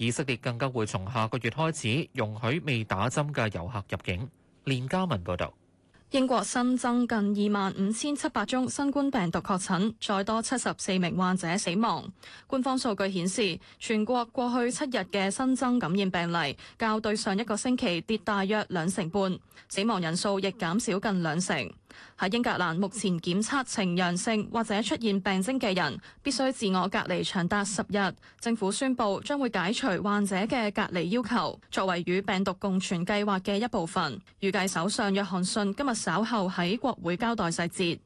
L: 以色列更加會從下個月開始容許未打針嘅遊客入境。連嘉文報導，
B: 英國新增近二萬五千七百宗新冠病毒確診，再多七十四名患者死亡。官方數據顯示，全國過去七日嘅新增感染病例較對上一個星期跌大約兩成半，死亡人數亦減少近兩成。喺英格蘭，目前檢測呈陽性或者出現病徵嘅人，必須自我隔離長達十日。政府宣佈將會解除患者嘅隔離要求，作為與病毒共存計劃嘅一部分。預計首相約翰遜今日稍後喺國會交代細節。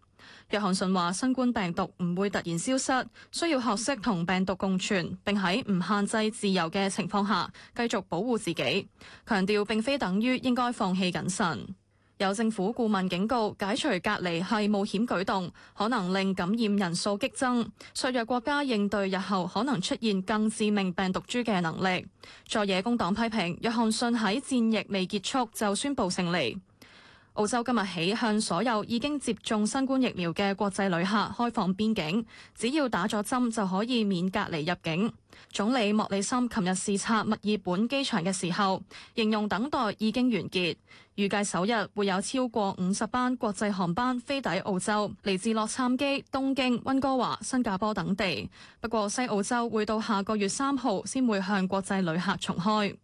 B: 約翰遜話：新冠病毒唔會突然消失，需要學識同病毒共存，並喺唔限制自由嘅情況下繼續保護自己。強調並非等於應該放棄謹慎。有政府顧問警告，解除隔離係冒險舉動，可能令感染人數激增，削弱國家應對日後可能出現更致命病毒株嘅能力。在野工黨批評，約翰遜喺戰役未結束就宣布勝利。澳洲今日起向所有已經接種新冠疫苗嘅國際旅客開放邊境，只要打咗針就可以免隔離入境。總理莫里森琴日視察墨爾本機場嘅時候，形容等待已經完結，預計首日會有超過五十班國際航班飛抵澳洲，嚟自洛杉磯、東京、溫哥華、新加坡等地。不過西澳洲會到下個月三號先會向國際旅客重開。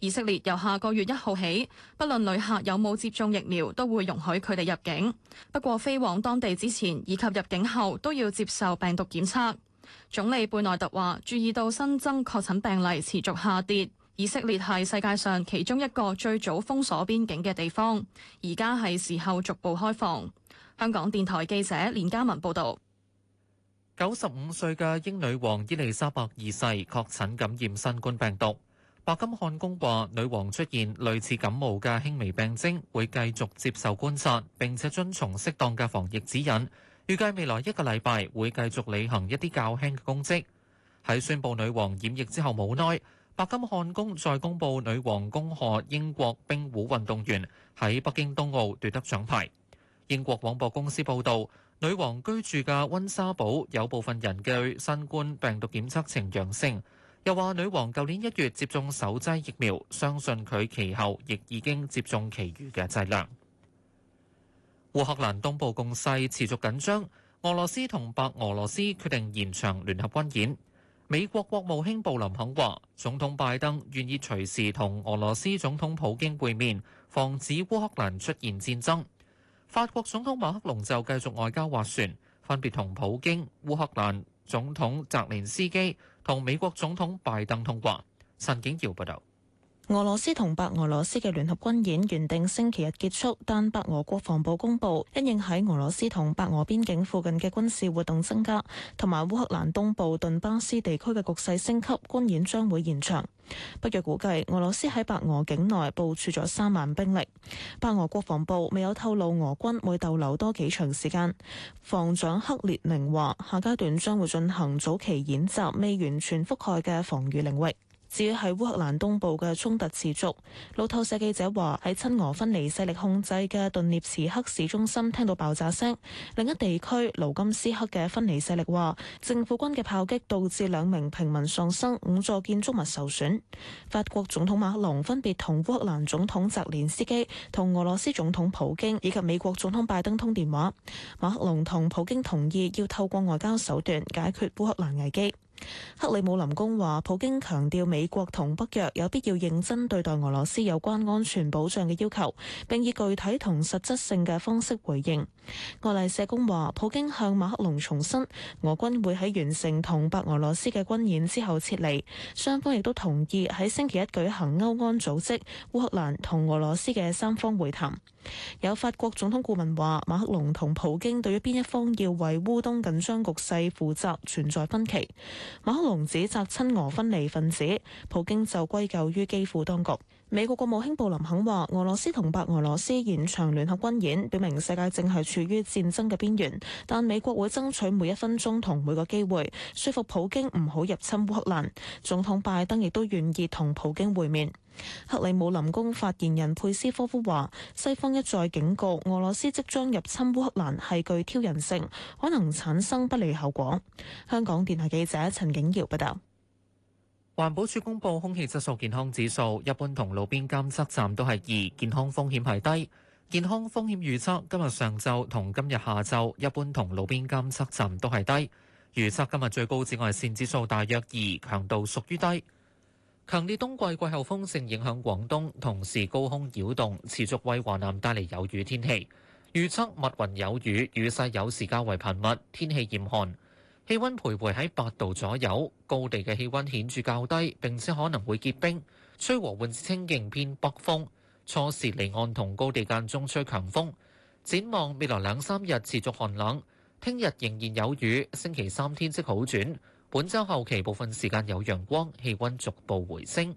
B: 以色列由下個月一號起，不論旅客有冇接種疫苗，都會容許佢哋入境。不過，飛往當地之前以及入境後都要接受病毒檢測。總理貝內特話，注意到新增確診病例持續下跌，以色列係世界上其中一個最早封鎖邊境嘅地方，而家係時候逐步開放。香港電台記者連嘉文報道，
L: 九十五歲嘅英女王伊麗莎白二世確診感染新冠病毒。白金漢宮話，女王出現類似感冒嘅輕微病徵，會繼續接受觀察，並且遵從適當嘅防疫指引。預計未來一個禮拜會繼續履行一啲較輕嘅公職。喺宣布女王染疫之後冇耐，白金漢宮再公布女王恭賀英國冰壺運動員喺北京冬奧奪得獎牌。英國廣播公司報道，女王居住嘅温莎堡有部分人嘅新冠病毒檢測呈陽性。又話女王舊年一月接種首劑疫苗，相信佢其後亦已經接種其餘嘅劑量。烏克蘭東部共勢持續緊張，俄羅斯同白俄羅斯決定延長聯合軍演。美國國務卿布林肯話，總統拜登願意隨時同俄羅斯總統普京會面，防止烏克蘭出現戰爭。法國總統馬克龍就繼續外交斡旋，分別同普京、烏克蘭總統澤連斯基、同美國總統拜登通話，陳景耀報道。
K: 俄羅斯同白俄羅斯嘅聯合軍演原定星期日結束，但白俄國防部公布，因應喺俄羅斯同白俄邊境附近嘅軍事活動增加，同埋烏克蘭東部頓巴斯地區嘅局勢升級，軍演將會延長。北約估計，俄羅斯喺白俄境內部署咗三萬兵力。白俄國防部未有透露俄軍會逗留多幾長時間。防長克列寧話，下階段將會進行早期演習未完全覆蓋嘅防禦領域。至於係烏克蘭東部嘅衝突持續，路透社記者話喺親俄分離勢力控制嘅頓涅茨克市中心聽到爆炸聲。另一地區盧甘斯克嘅分離勢力話，政府軍嘅炮擊導致兩名平民喪生，五座建築物受損。法國總統馬克龍分別同烏克蘭總統澤連斯基、同俄羅斯總統普京以及美國總統拜登通電話。馬克龍同普京同意要透過外交手段解決烏克蘭危機。克里姆林宮話，普京強調美國同北約有必要認真對待俄羅斯有關安全保障嘅要求，並以具體同實質性嘅方式回應。愛麗舍宮話，普京向馬克龍重申俄軍會喺完成同白俄羅斯嘅軍演之後撤離，雙方亦都同意喺星期一舉行歐安組織、烏克蘭同俄羅斯嘅三方會談。有法國總統顧問話，馬克龍同普京對於邊一方要為烏東緊張局勢負責存在分歧。馬克龍指責親俄分離分子，普京就歸咎於基輔當局。美國國務卿布林肯話：俄羅斯同白俄羅斯延長聯合軍演，表明世界正係處於戰爭嘅邊緣。但美國會爭取每一分鐘同每個機會，說服普京唔好入侵烏克蘭。總統拜登亦都願意同普京會面。克里姆林宮發言人佩斯科夫話：西方一再警告俄羅斯即將入侵烏克蘭係具挑釁性，可能產生不利後果。香港電台記者陳景堯報道。
L: 環保署公布空氣質素健康指數，一般同路邊監測站都係二，健康風險係低。健康風險預測今日上晝同今日下晝，一般同路邊監測站都係低。預測今日最高紫外線指數大約二，強度屬於低。強烈冬季季候風正影響廣東，同時高空擾動持續為華南帶嚟有雨天氣。預測密雲有雨，雨勢有時較為頻密，天氣嚴寒。氣温徘徊喺八度左右，高地嘅氣温顯著較低，並且可能會結冰。吹和緩清勁偏北風，初時離岸同高地間中吹強風。展望未來兩三日持續寒冷，聽日仍然有雨，星期三天色好轉。本週後期部分時間有陽光，氣温逐步回升。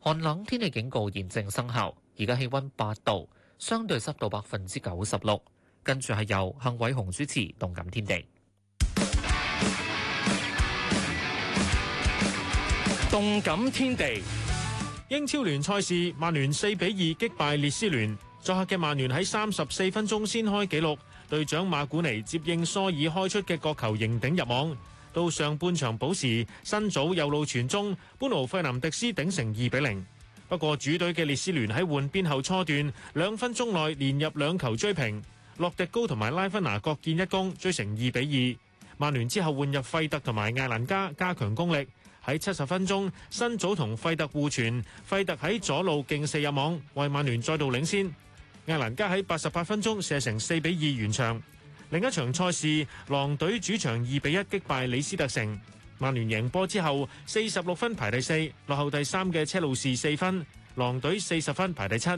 L: 寒冷天氣警告現正生效，而家氣温八度，相對濕度百分之九十六。跟住係由幸偉雄
O: 主持《動感天地》。動感天地，英超聯賽事，曼聯四比二擊敗列斯聯。作客嘅曼聯喺三十四分鐘先開紀錄，隊長馬古尼接應蘇爾開出嘅角球迎頂入網。到上半場補時，辛祖右路傳中，布勞費南迪斯頂成二比零。不過主隊嘅列斯聯喺換邊後初段兩分鐘內連入兩球追平，洛迪高同埋拉芬拿各建一功，追成二比二。曼聯之後換入費特同埋艾蘭加加強攻力。喺七十分鐘，新組同費特互傳，費特喺左路勁射入網，為曼聯再度領先。艾蘭加喺八十八分鐘射成四比二完場。另一場賽事，狼隊主場二比一擊敗李斯特城。曼聯贏波之後，四十六分排第四，落後第三嘅車路士四分。狼隊四十分排第七。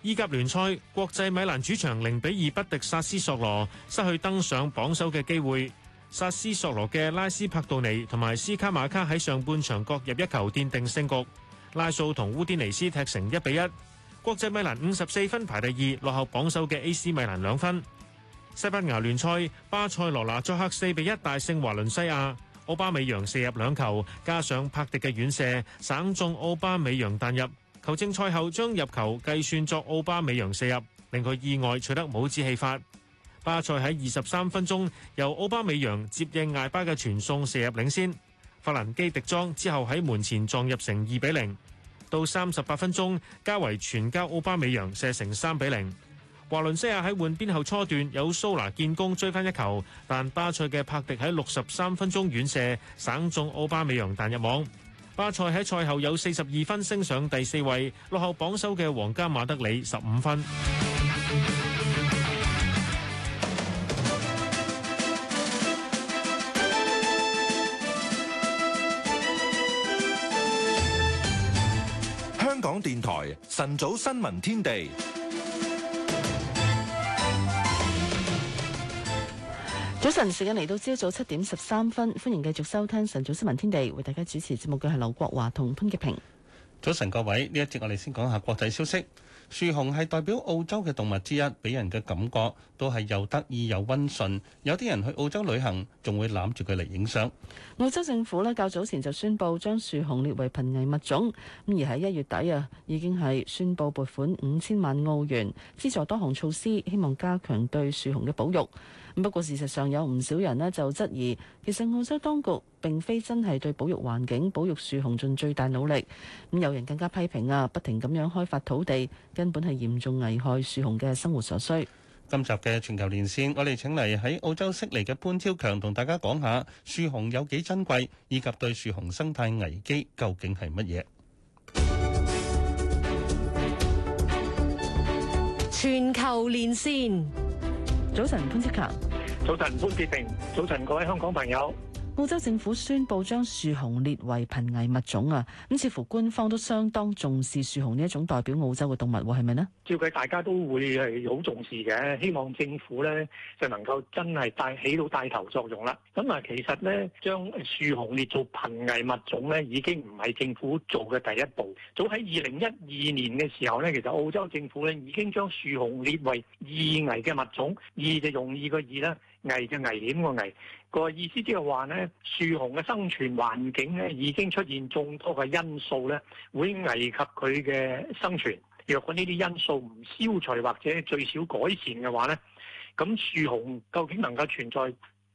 O: 意甲聯賽，國際米蘭主場零比二不敵薩斯索羅，失去登上榜首嘅機會。薩斯索羅嘅拉斯帕杜尼同埋斯卡馬卡喺上半場各入一球奠定勝局，拉素同烏丁尼斯踢成一比一。國際米蘭五十四分排第二，落後榜首嘅 AC 米蘭兩分。西班牙聯賽，巴塞羅那作客四比一大勝華倫西亞，奧巴美揚射入兩球，加上帕迪嘅遠射，省中奧巴美揚彈入，球證賽後將入球計算作奧巴美揚射入，令佢意外取得帽子戲法。巴塞喺二十三分鐘由奧巴美揚接應艾巴嘅傳送射入領先，法蘭基迪莊之後喺門前撞入成二比零。到三十八分鐘加維傳交奧巴美揚射成三比零。華倫西亞喺換邊後，初段有蘇拿建功追翻一球，但巴塞嘅帕迪喺六十三分鐘遠射，省中奧巴美揚彈入網。巴塞喺賽後有四十二分升上第四位，落後榜首嘅皇家馬德里十五分。
A: 電台晨早新
D: 聞天地，
C: 早晨，時間嚟到朝早七點十三分，歡迎繼續收聽晨早新聞天地，為大家主持節目嘅係劉國華同潘潔平。
D: 早晨各位，呢一節我哋先講下國際消息。樹熊係代表澳洲嘅動物之一，畀人嘅感覺都係又得意又溫順，有啲人去澳洲旅行仲會攬住佢嚟影相。
C: 澳洲政府呢較早前就宣布將樹熊列為瀕危物種，咁而喺一月底啊已經係宣布撥款五千萬澳元資助多項措施，希望加強對樹熊嘅保育。不過事實上有唔少人咧就質疑，其實澳洲當局並非真係對保育環境、保育樹熊盡最大努力。咁有人更加批評啊，不停咁樣開發土地，根本係嚴重危害樹熊嘅生活所需。
D: 今集嘅全球連線，我哋請嚟喺澳洲悉尼嘅潘超強同大家講下樹熊有幾珍貴，以及對樹熊生態危機究竟係乜嘢？
C: 全球連線。早晨，潘志強。
E: 早晨，潘潔平。早晨，各位香港朋友。
C: 澳洲政府宣布將樹熊列為瀕危物種啊！咁似乎官方都相當重視樹熊呢一種代表澳洲嘅動物，係咪呢？
E: 照計，大家都會係好重視嘅。希望政府咧就能夠真係帶起到帶頭作用啦。咁啊，其實咧將樹熊列做瀕危物種咧，已經唔係政府做嘅第一步。早喺二零一二年嘅時候咧，其實澳洲政府咧已經將樹熊列為易危嘅物種，易就容易個易啦，危就危險個危。個意思即係話咧，樹熊嘅生存環境咧已經出現眾多嘅因素咧，會危及佢嘅生存。若果呢啲因素唔消除或者最少改善嘅話咧，咁樹熊究竟能夠存在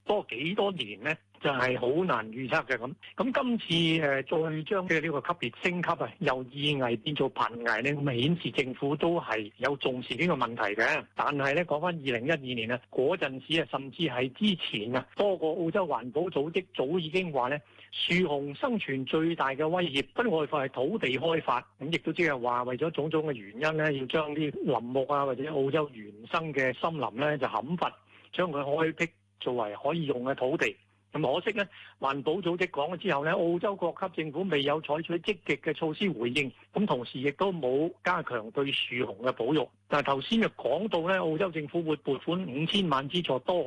E: 多幾多年咧？就係好難預測嘅咁，咁今次誒再將佢呢個級別升級啊，由易危變做頻危咧，咪顯示政府都係有重視呢個問題嘅。但係咧講翻二零一二年啊，嗰陣時啊，甚至係之前啊，多個澳洲環保組織早已經話咧，樹熊生存最大嘅威脅，不外乎係土地開發。咁亦都即係話為咗種種嘅原因咧，要將啲林木啊或者澳洲原生嘅森林咧就砍伐，將佢開闢作為可以用嘅土地。咁可惜咧、這個，環保組織講咗之後咧，澳洲各級政府未有採取積極嘅措施回應，咁同時亦都冇加強對樹熊嘅保育。但係頭先就講到咧，澳洲政府會撥款五千萬資助多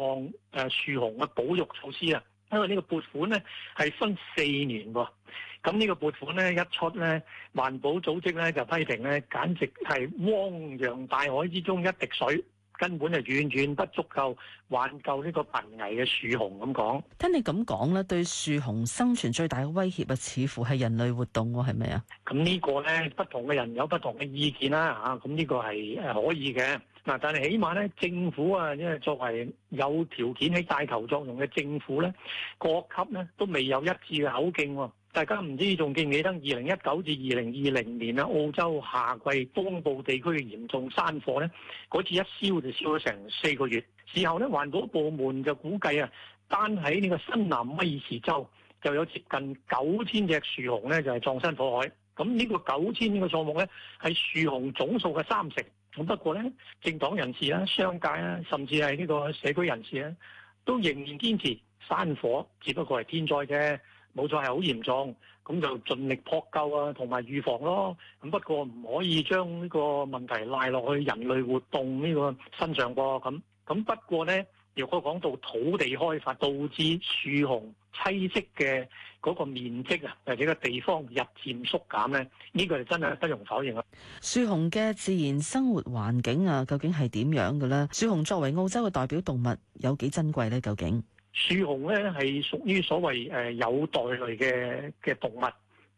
E: 項誒樹熊嘅保育措施啊，因為呢個撥款咧係分四年喎，咁呢個撥款咧一出咧，環保組織咧就批評咧，簡直係汪洋大海之中一滴水。根本就遠遠不足夠挽救呢個瀕危嘅樹熊，咁講。
C: 聽你咁講咧，對樹熊生存最大嘅威脅啊，似乎係人類活動喎，係咪啊？
E: 咁呢個咧，不同嘅人有不同嘅意見啦，嚇、啊。咁呢個係誒可以嘅。嗱、啊，但係起碼咧，政府啊，因為作為有條件喺帶頭作用嘅政府咧，各級咧都未有一致嘅口徑喎。大家唔知仲記唔記得，二零一九至二零二零年啊，澳洲夏季東部地區嘅嚴重山火咧，嗰次一燒就燒咗成四個月。事後咧，環保部門就估計啊，單喺呢個新南威爾士州就有接近九千隻樹熊咧，就係葬身火海。咁呢個九千個數目咧，係樹熊總數嘅三成。咁不過咧，政黨人士啦、商界啦，甚至係呢個社區人士咧，都仍然堅持山火只不過係天災啫。冇錯，係好嚴重，咁就盡力撲救啊，同埋預防咯。咁不過唔可以將呢個問題賴落去人類活動呢個身上噃。咁咁不過呢，如果講到土地開發導致樹熊棲息嘅嗰個面積啊，或者個地方日漸縮減咧，呢個就真係不容否認啦。
C: 樹熊嘅自然生活環境啊，究竟係點樣嘅呢？樹熊作為澳洲嘅代表動物，有幾珍貴呢？究竟？
E: 樹熊咧係屬於所謂誒有袋類嘅嘅動物，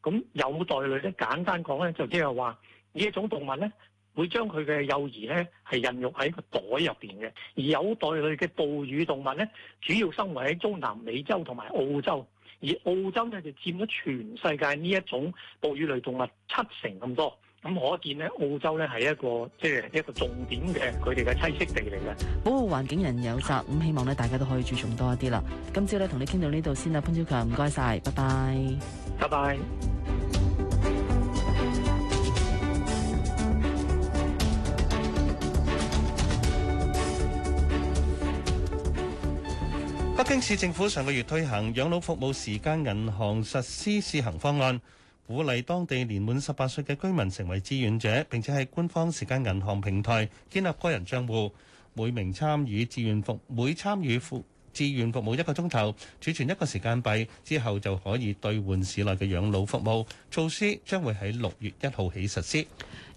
E: 咁有袋類咧簡單講咧就即係話呢一種動物咧會將佢嘅幼兒咧係孕育喺個袋入邊嘅，而有袋類嘅哺乳動物咧主要生活喺中南美洲同埋澳洲，而澳洲咧就佔咗全世界呢一種哺乳類動物七成咁多。咁可見咧，澳洲咧係一個即係一個重點嘅佢哋嘅棲息地
C: 嚟嘅。保護環境人有責，咁希望咧大家都可以注重多一啲啦。今朝咧同你傾到呢度先啦，潘小強，唔該晒，拜拜，拜
E: 拜。
D: 北京市政府上個月推行養老服務時間銀行實施試，試行方案。鼓勵當地年滿十八歲嘅居民成為志願者，並且喺官方時間銀行平台建立個人帳戶。每名參與志願服每參與服志願服務一個鐘頭，儲存一個時間幣，之後就可以兌換市內嘅養老服務。措施將會喺六月一號起實施。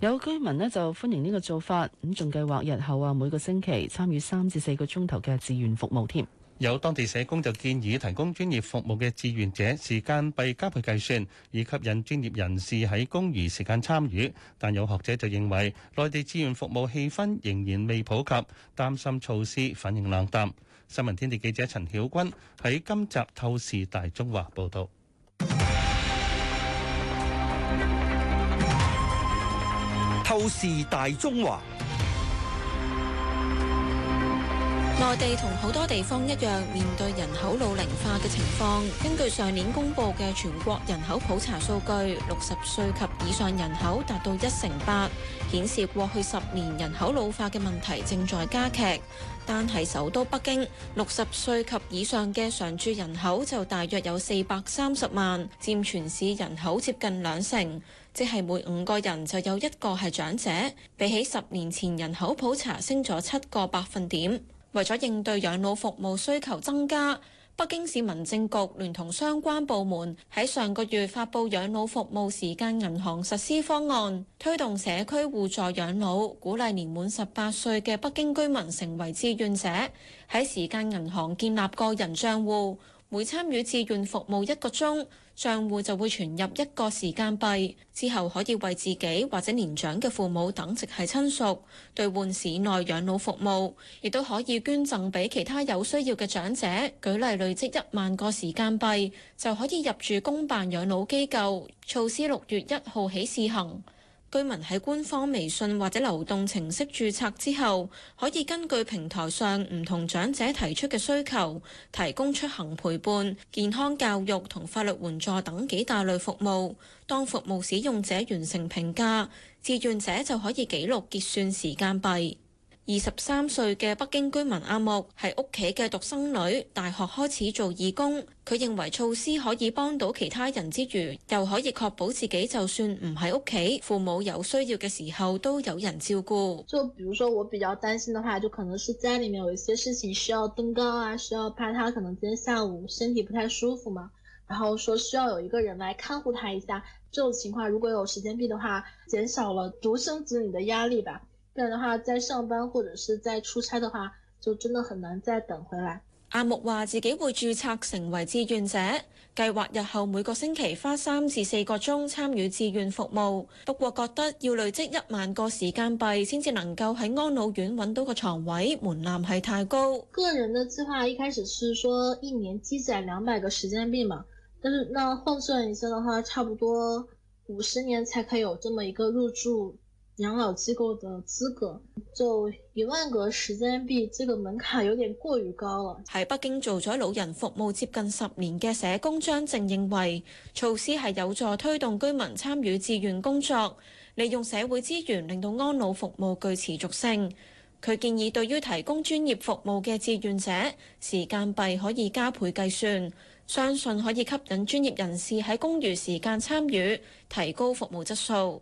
C: 有居民呢就歡迎呢個做法，咁仲計劃日後啊每個星期參與三至四個鐘頭嘅志願服務
D: 添。有當地社工就建議提供專業服務嘅志願者時間幣加倍計算，以吸引專業人士喺公餘時間參與。但有學者就認為，內地志願服務氣氛仍然未普及，擔心措施反應冷淡。新聞天地記者陳曉君喺今集《透視大中華》報道。《透視大
E: 中華》。
J: 內地同好多地方一樣，面對人口老齡化嘅情況。根據上年公布嘅全國人口普查數據，六十歲及以上人口達到一成八，顯示過去十年人口老化嘅問題正在加劇。但係首都北京，六十歲及以上嘅常住人口就大約有四百三十萬，佔全市人口接近兩成，即係每五個人就有一個係長者。比起十年前人口普查，升咗七個百分點。為咗應對養老服務需求增加，北京市民政局聯同相關部門喺上個月發布《養老服務時間銀行實施方案》，推動社區互助養老，鼓勵年滿十八歲嘅北京居民成為志願者，喺時間銀行建立個人賬戶，每參與志願服務一個鐘，賬戶就會存入一個時間幣，之後可以為自己或者年長嘅父母等直系親屬兌換市內養老服務，亦都可以捐贈俾其他有需要嘅長者。舉例累積一萬個時間幣，就可以入住公辦養老機構。措施六月一號起試行。居民喺官方微信或者流動程式註冊之後，可以根據平台上唔同長者提出嘅需求，提供出行陪伴、健康教育同法律援助等幾大類服務。當服務使用者完成評價，志願者就可以記錄結算時間幣。二十三歲嘅北京居民阿木係屋企嘅獨生女，大學開始做義工。佢認為措施可以幫到其他人之餘，又可以確保自己就算唔喺屋企，父母有需要嘅時候都有人照顧。就比如說，我比較擔心的話，就可能係家裡面有一些事情需要登高啊，需要怕他可能今天下午身體不太舒服嘛。然後說需要有一個人來看護他一下。這種情況如果有時間幣的話，減少了獨生子女嘅壓力吧。不然嘅話，在上班或者是在出差嘅話，就真的很難再等回來。阿木話自己會註冊成為志願者，計劃日後每個星期花三至四個鐘參與志願服務。不過覺得要累積一萬個時間幣先至能夠喺安老院揾到個床位，門檻係太高。個人的計劃一開始是說一年積攢兩百個時間幣嘛，但是那換算一下嘅話，差不多五十年才可以有這麼一個入住。養老機構嘅資格就一萬個時間幣，這個門檻有點過於高了。喺北京做咗老人服務接近十年嘅社工張正認為，措施係有助推動居民參與志願工作，利用社會資源令到安老服務具持續性。佢建議，對於提供專業服務嘅志願者，時間幣可以加倍計算，相信可以吸引專業人士喺公餘時間參與，提高服務質素。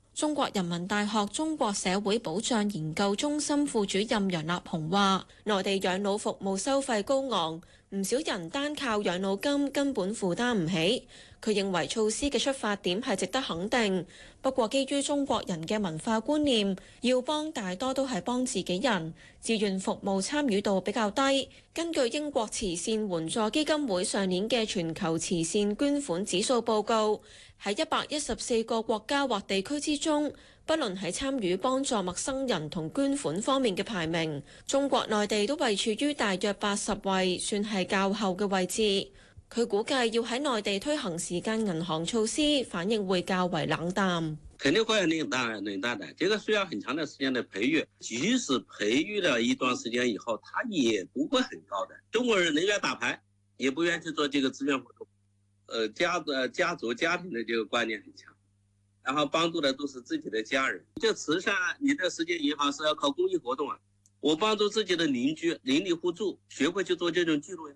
J: 中國人民大學中國社會保障研究中心副主任楊立雄話，內地養老服務收費高昂，唔少人單靠養老金根本負擔唔起。佢認為措施嘅出發點係值得肯定，不過基於中國人嘅文化觀念，要幫大多都係幫自己人，志願服務參與度比較低。根據英國慈善援助基金會上年嘅全球慈善捐款指數報告，喺一百一十四個國家或地區之中，不論喺參與幫助陌生人同捐款方面嘅排名，中國內地都位處於大約八十位，算係較後嘅位置。佢估計要喺內地推行時間銀行措施，反應會較為冷淡。
A: 肯定會有冷淡，冷淡的，這個需要很長的時間的培育。即使培育了一段時間以後，他也不會很高的。中國人寧願打牌，也不願意去做這個志願活動。呃，家呃家族家庭的這個觀念很強，然後幫助的都是自己的家人。就慈善啊，你這時間銀行是要靠公益活動啊。我幫助自己的鄰居，鄰里互助，學會去做這種記錄呀。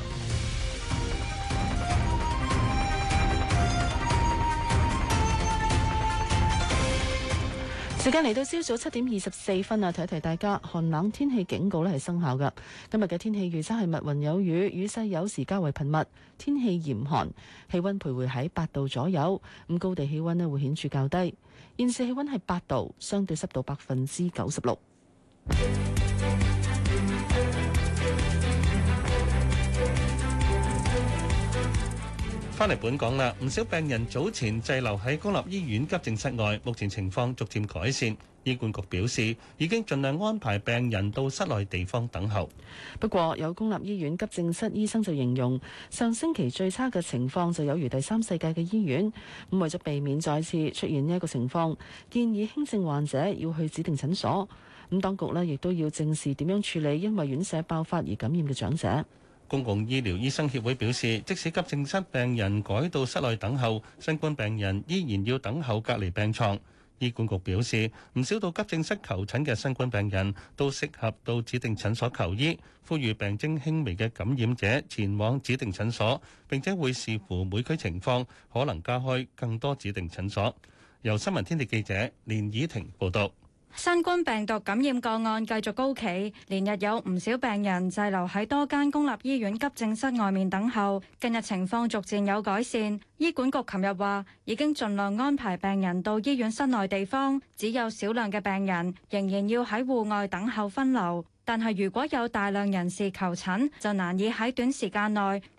C: 時間嚟到朝早七點二十四分啊！提一提大家，寒冷天氣警告咧係生效嘅。今日嘅天氣預測係密雲有雨，雨勢有時較為頻密，天氣嚴寒，氣溫徘徊喺八度左右。咁高地氣溫咧會顯著較低。現時氣溫係八度，相對濕度百分之九十六。
D: 返嚟本港啦，唔少病人早前滯留喺公立醫院急症室外，目前情況逐漸改善。醫管局表示已經盡量安排病人到室內地方等候。
C: 不過有公立醫院急症室醫生就形容上星期最差嘅情況就有如第三世界嘅醫院。咁為咗避免再次出現呢一個情況，建議輕症患者要去指定診所。咁當局呢亦都要正視點樣處理因為院舍爆發而感染嘅長者。
D: 公共醫療醫生協會表示，即使急症室病人改到室內等候，新冠病人依然要等候隔離病床。醫管局表示，唔少到急症室求診嘅新冠病人都適合到指定診所求醫，呼籲病徵輕微嘅感染者前往指定診所，並且會視乎每區情況可能加開更多指定診所。由新聞天地記者連倚婷報道。
P: 新冠病毒感染個案繼續高企，連日有唔少病人滯留喺多間公立醫院急症室外面等候。近日情況逐漸有改善，醫管局琴日話已經盡量安排病人到醫院室內地方，只有少量嘅病人仍然要喺戶外等候分流。但係如果有大量人士求診，就難以喺短時間內，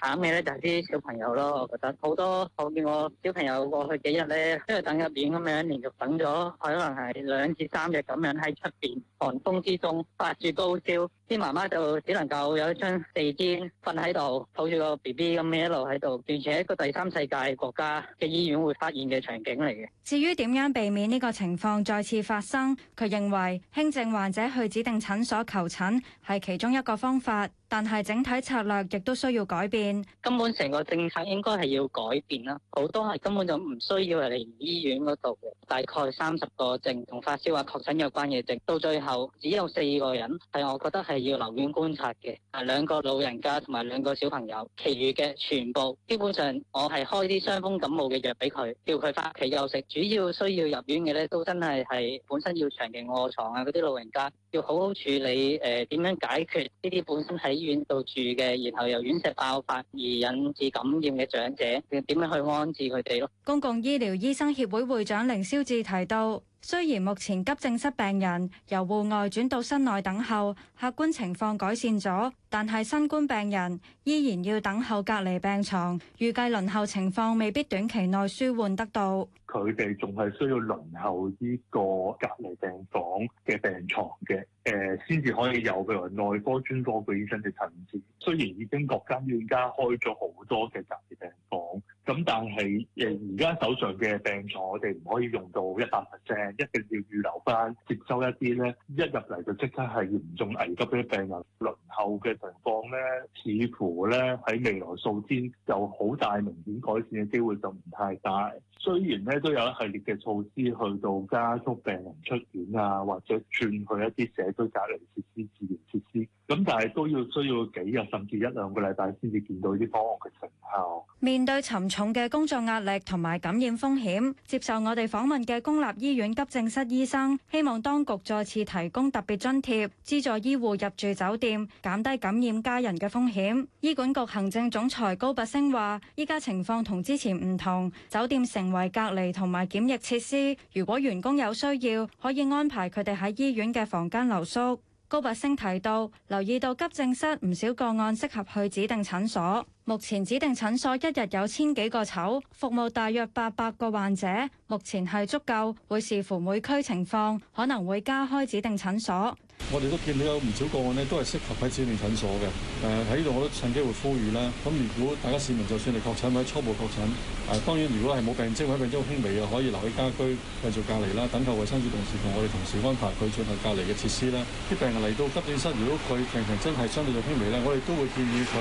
Q: 慘嘅咧就係啲小朋友咯，我覺得好多我見我小朋友過去幾日咧，都係等入院咁樣，連續等咗可能係兩至三日咁樣喺出邊寒風之中發住高燒，啲媽媽就只能夠有一張地氈瞓喺度抱住個 B B 咁樣一路喺度，而且一個第三世界國家嘅醫院會發現嘅場景嚟嘅。
P: 至於點樣避免呢個情況再次發生，佢認為輕症患者去指定診所求診係其中一個方法。但係整體策略亦都需要改變，根本
Q: 成個政策應該係要改變啦。好多係根本就唔需要嚟醫院嗰度嘅，大概三十個症同發燒啊確診有關嘅症，到最後只有四個人係我覺得係要留院觀察嘅，啊兩個老人家同埋兩個小朋友，其餘嘅全部基本上我係開啲傷風感冒嘅藥俾佢，叫佢翻屋企休息。主要需要入院嘅咧，都真係係本身要長期臥床啊嗰啲老人家，要好好處理誒點、呃、樣解決呢啲本身係。喺醫院度住嘅，然後由院舍爆發而引致感染嘅長者，點樣去安置佢哋咯？
P: 公共醫療醫生協會會長凌霄志提到，雖然目前急症室病人由戶外轉到室內等候，客觀情況改善咗。但係新冠病人依然要等候隔離病床，預計輪候情況未必短期內舒緩得到。
E: 佢哋仲係需要輪候呢個隔離病房嘅病床嘅，誒， 先至可以有譬如內科專科嘅醫生嘅診治。雖然已經各間院家開咗好多嘅隔離病房，咁但係誒而家手上嘅病床我哋唔可以用到一百 percent，一定要預留返接收一啲咧，一入嚟就即刻係嚴重危急嘅病人輪候嘅。情況呢，似乎呢喺未來數天有好大明顯改善嘅機會就唔太大。雖然咧都有一系列嘅措施去到加速病人出院啊，或者轉去一啲社區隔離設施、治療設施，咁但係都要需要幾日甚至一兩個禮拜先至見到呢啲方案嘅成
Q: 效。
P: 面對沉重嘅工作壓力同埋感染風險，接受我哋訪問嘅公立醫院急症室醫生希望當局再次提供特別津貼，資助醫護入住酒店，減低感染家人嘅風險。醫管局行政總裁高拔升話：依家情況同之前唔同，酒店成為隔離同埋檢疫設施，如果員工有需要，可以安排佢哋喺醫院嘅房間留宿。高拔陞提到，留意到急症室唔少個案適合去指定診所，目前指定診所一日有千幾個籌，服務大約八百個患者，目前係足夠，會視乎每區情況，可能會加開指定診所。
H: 我哋都見到有唔少個案咧，都係適合喺指定診所嘅。誒喺呢度我都趁機會呼籲啦。咁如果大家市民就算係確診或者初步確診，誒、呃、當然如果係冇病徵或者病徵好輕微嘅，可以留喺家居繼續隔離啦。等候衞生署同時同我哋同時安排佢進行隔離嘅設施啦。啲病人嚟到急診室，如果佢病情真係相對仲輕微咧，我哋都會建議佢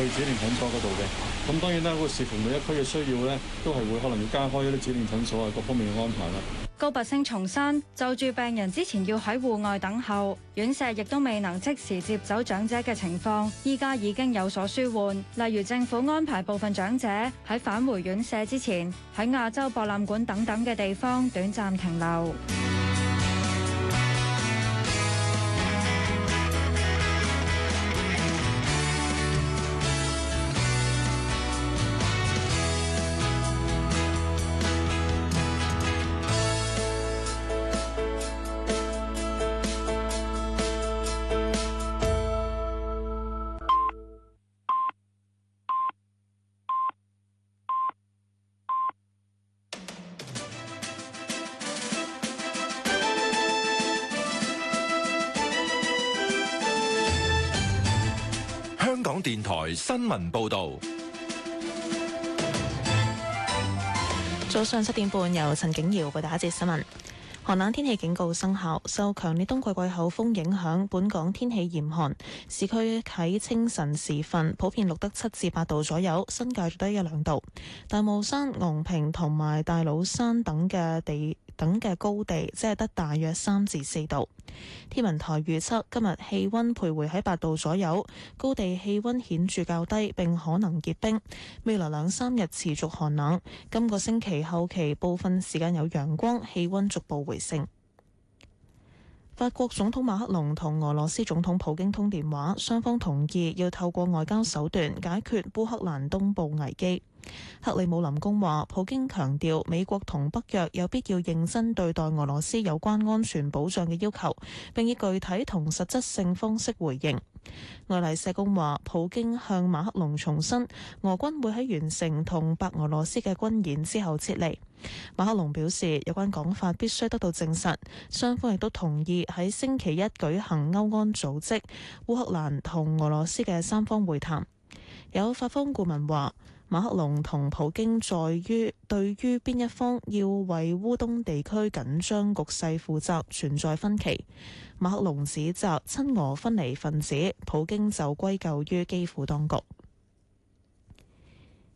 H: 去指定診所嗰度嘅。咁當然啦，會視乎每一區嘅需要咧，都係會可能要加開一啲指定診所啊，各方面嘅安
I: 排啦。
P: 高拔陞重申，就住病人之前要喺戶外等候，院舍亦都未能即時接走長者嘅情況，依家已經有所舒緩，例如政府安排部分長者喺返回院舍之前，喺亞洲博覽館等等嘅地方短暫停留。
A: 新聞報導。
K: 早上七點半，由陳景耀撥打一節新聞。寒冷天氣警告生效，受強烈冬季季候風影響，本港天氣嚴寒。市區喺清晨時分，普遍錄得七至八度左右，新界最低一兩度。大帽山、昂坪同埋大老山等嘅地。等嘅高地，即係得大約三至四度。天文台預測今日氣温徘徊喺八度左右，高地氣温顯著較低，並可能結冰。未來兩三日持續寒冷。今個星期後期部分時間有陽光，氣温逐步回升。法國總統馬克龍同俄羅斯總統普京通電話，雙方同意要透過外交手段解決烏克蘭東部危機。克里姆林宮話，普京強調美國同北約有必要認真對待俄羅斯有關安全保障嘅要求，並以具體同實質性方式回應。愛麗舍宮話，普京向馬克龍重申，俄軍會喺完成同白俄羅斯嘅軍演之後撤離。馬克龍表示，有關講法必須得到證實。雙方亦都同意喺星期一舉行歐安組織烏克蘭同俄羅斯嘅三方會談。有法方顧問話。馬克龍同普京在於對於邊一方要為烏東地區緊張局勢負責存在分歧。馬克龍指責親俄分離分子，普京就歸咎於基輔當局。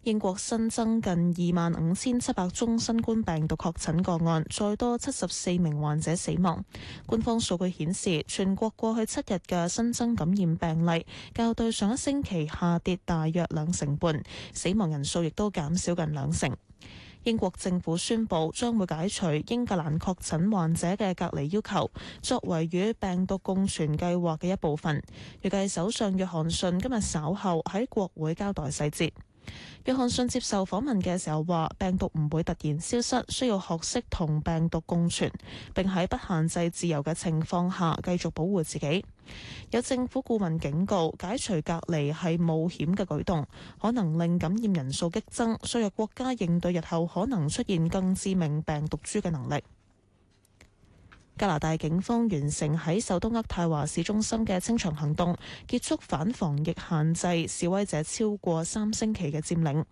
K: 英國新增近二萬五千七百宗新冠病毒確診個案，再多七十四名患者死亡。官方數據顯示，全國過去七日嘅新增感染病例較對上一星期下跌大約兩成半，死亡人數亦都減少近兩成。英國政府宣布將會解除英格蘭確診患者嘅隔離要求，作為與病毒共存計劃嘅一部分。預計首相約翰遜今日稍後喺國會交代細節。約翰遜接受訪問嘅時候話，病毒唔會突然消失，需要學識同病毒共存，並喺不限制自由嘅情況下繼續保護自己。有政府顧問警告，解除隔離係冒險嘅舉動，可能令感染人數激增，削弱國家應對日後可能出現更致命病毒株嘅能力。加拿大警方完成喺首都渥太華市中心嘅清場行動，結束反防疫限制示威者超過三星期嘅佔領。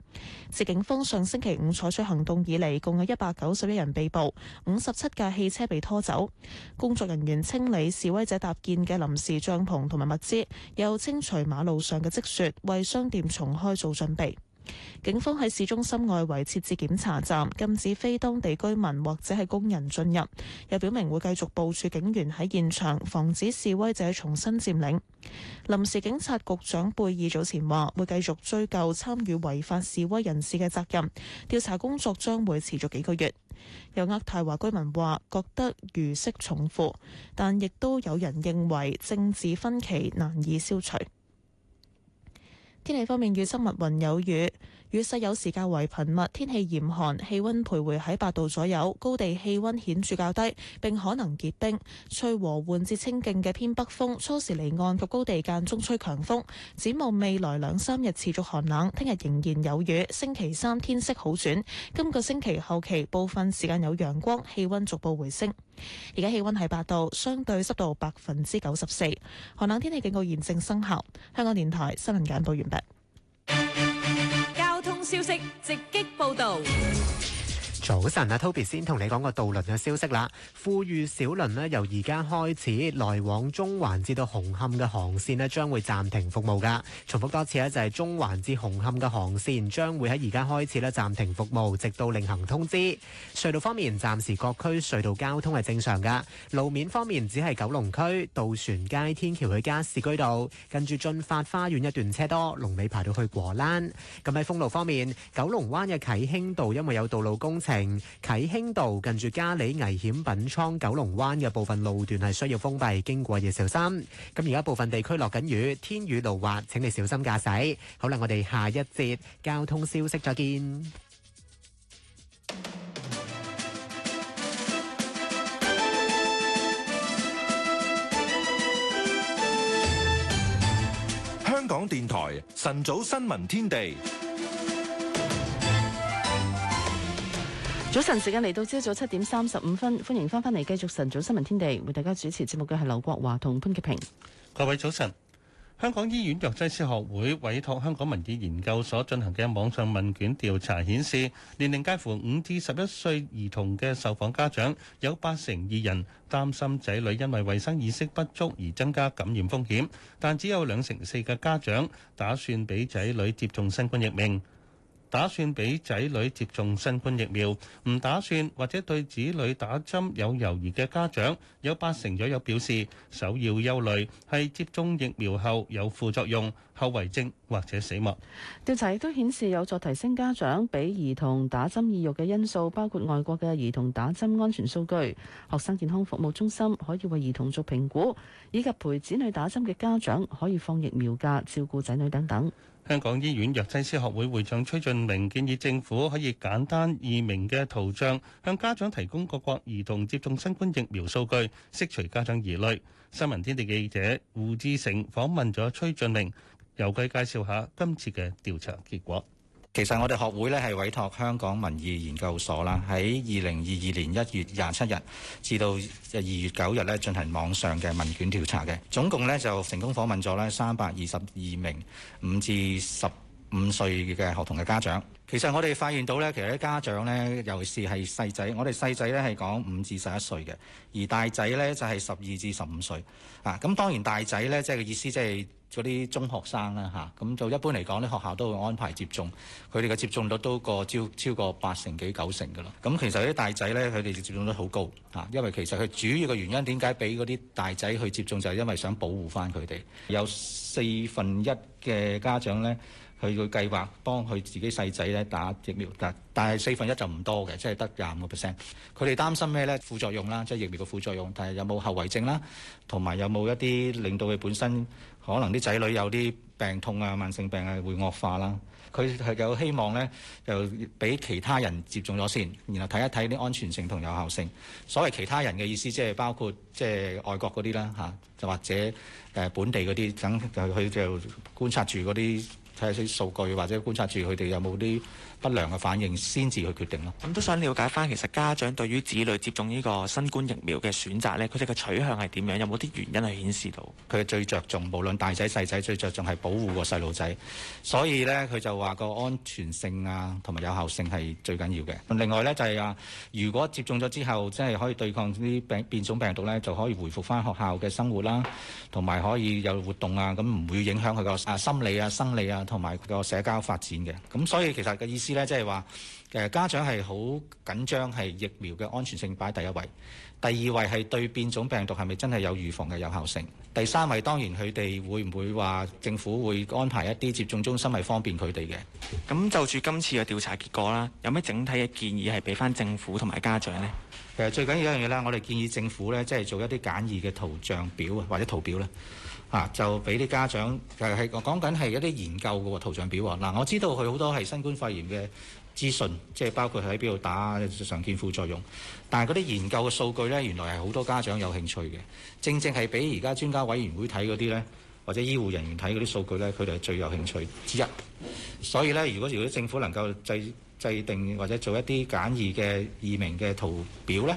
K: 自警方上星期五採取行動以嚟，共有一百九十一人被捕，五十七架汽車被拖走。工作人員清理示威者搭建嘅臨時帳篷同埋物資，又清除馬路上嘅積雪，為商店重開做準備。警方喺市中心外圍設置檢查站，禁止非當地居民或者係工人進入，又表明會繼續部署警員喺現場，防止示威者重新佔領。臨時警察局長貝爾早前話，會繼續追究參與違法示威人士嘅責任，調查工作將會持續幾個月。有渥太華居民話，覺得如釋重負，但亦都有人認為政治分歧難以消除。天氣方面，預測密雲有雨，雨勢有時較為頻密，天氣嚴寒，氣溫徘徊喺八度左右，高地氣溫顯著較低，並可能結冰。吹和緩至清勁嘅偏北風，初時離岸及高地間中吹強風。展望未來兩三日持續寒冷，聽日仍然有雨，星期三天色好轉。今個星期後期部分時間有陽光，氣溫逐步回升。而家氣溫係八度，相對濕度百分之九十四，寒冷天氣警告現正生效。香港電台新聞簡報完畢。
B: 消息直擊報道。
M: 早晨啊，Toby 先同你講個渡輪嘅消息啦。富裕小輪呢，由而家開始來往中環至到紅磡嘅航綫呢，將會暫停服務噶。重複多次呢，就係中環至紅磡嘅航綫將會喺而家開始呢暫停服務，直到另行通知。隧道方面，暫時各區隧道交通係正常噶。路面方面，只係九龍區渡船街天橋去加士居道，跟住駿發花園一段車多，龍尾排到去果欄。咁喺封路方面，九龍灣嘅啟興道因為有道路工程。啟興道近住嘉里危險品倉，九龍灣嘅部分路段係需要封閉，經過嘅時候小心。咁而家部分地區落緊雨，天雨路滑，請你小心駕駛。好啦，我哋下一節交通消息再見。
A: 香港電台晨早新聞天地。
C: 早晨時間嚟到朝早七點三十五分，歡迎翻返嚟繼續晨早新聞天地，為大家主持節目嘅係劉國華同潘潔平。
D: 各位早晨，香港醫院藥劑師學會委託香港民意研究所進行嘅網上問卷調查顯示，年齡介乎五至十一歲兒童嘅受訪家長有八成二人擔心仔女因為衛生意識不足而增加感染風險，但只有兩成四嘅家長打算俾仔女接種新冠疫苗。打算俾仔女接種新冠疫苗，唔打算或者對子女打針有猶豫嘅家長，有八成左右表示首要憂慮係接種疫苗後有副作用、後遺症或者死亡。
C: 調查亦都顯示有助提升家長俾兒童打針意欲嘅因素，包括外國嘅兒童打針安全數據、學生健康服務中心可以為兒童做評估，以及陪子女打針嘅家長可以放疫苗假照顧仔女等等。
D: 香港醫院藥劑師學會會長崔俊明建議政府可以簡單易明嘅圖像向家長提供各國兒童接種新冠疫苗數據，釋除家長疑慮。新聞天地記者胡志成訪問咗崔俊明，由佢介紹下今次嘅調查結果。
H: 其實我哋學會咧係委託香港民意研究所啦，喺二零二二年一月廿七日至到二月九日咧進行網上嘅問卷調查嘅，總共咧就成功訪問咗咧三百二十二名五至十五歲嘅學童嘅家長，其實我哋發現到咧，其實啲家長咧，尤其是係細仔，我哋細仔咧係講五至十一歲嘅，而大仔咧就係十二至十五歲啊。咁當然大仔咧，即係嘅意思即係嗰啲中學生啦，嚇咁就一般嚟講，啲學校都會安排接種佢哋嘅接種率都過超超過八成幾九成㗎喇。咁、啊、其實啲大仔咧，佢哋接種率好高啊，因為其實佢主要嘅原因點解俾嗰啲大仔去接種，就係、是、因為想保護返佢哋。有四分一嘅家長咧。佢個計劃幫佢自己細仔咧打疫苗，但但係四分一就唔多嘅，即係得廿五個 percent。佢哋擔心咩咧？副作用啦，即係疫苗嘅副作用，但係有冇後遺症啦？同埋有冇一啲令到佢本身可能啲仔女有啲病痛啊、慢性病啊會惡化啦？佢係有希望咧，就俾其他人接種咗先，然後睇一睇啲安全性同有效性。所謂其他人嘅意思，即係包括即係、就是、外國嗰啲啦嚇，就或者誒本地嗰啲等，就佢就觀察住嗰啲。睇下啲數據或者觀察住佢哋有冇啲不良嘅反應，先至去決定咯。咁、嗯、都想了解翻，其實家長對於子女接種呢個新冠疫苗嘅選擇咧，佢哋嘅取向係點樣？有冇啲原因去顯示到佢嘅最着重？無論大仔細仔最着重係保護個細路仔，所以咧佢就話個安全性啊同埋有，有效性係最緊要嘅。另外咧就係、是、啊，如果接種咗之後，即係可以對抗啲變種病毒咧，就可以回復翻學校嘅生活啦、啊，同埋可以有活動啊，咁唔會影響佢個啊心理啊生理啊。同埋個社交發展嘅，咁所以其實嘅意思呢，即係話誒家長係好緊張，係疫苗嘅安全性擺第一位，第二位係對變種病毒係咪真係有預防嘅有效性，第三位當然佢哋會唔會話政府會安排一啲接種中心係方便佢哋嘅。咁就住今次嘅調查結果啦，有咩整體嘅建議係俾翻政府同埋家長呢？誒最緊要一樣嘢啦，我哋建議政府呢，即係做一啲簡易嘅圖像表啊，或者圖表呢。啊！就俾啲家長誒係講緊係一啲研究嘅圖像表。嗱，我知道佢好多係新冠肺炎嘅資訊，即係包括喺邊度打、常見副作用。但係嗰啲研究嘅數據咧，原來係好多家長有興趣嘅。正正係俾而家專家委員會睇嗰啲咧，或者醫護人員睇嗰啲數據咧，佢哋係最有興趣之一。所以咧，如果如果政府能夠制制定或者做一啲簡易嘅易明嘅圖表咧。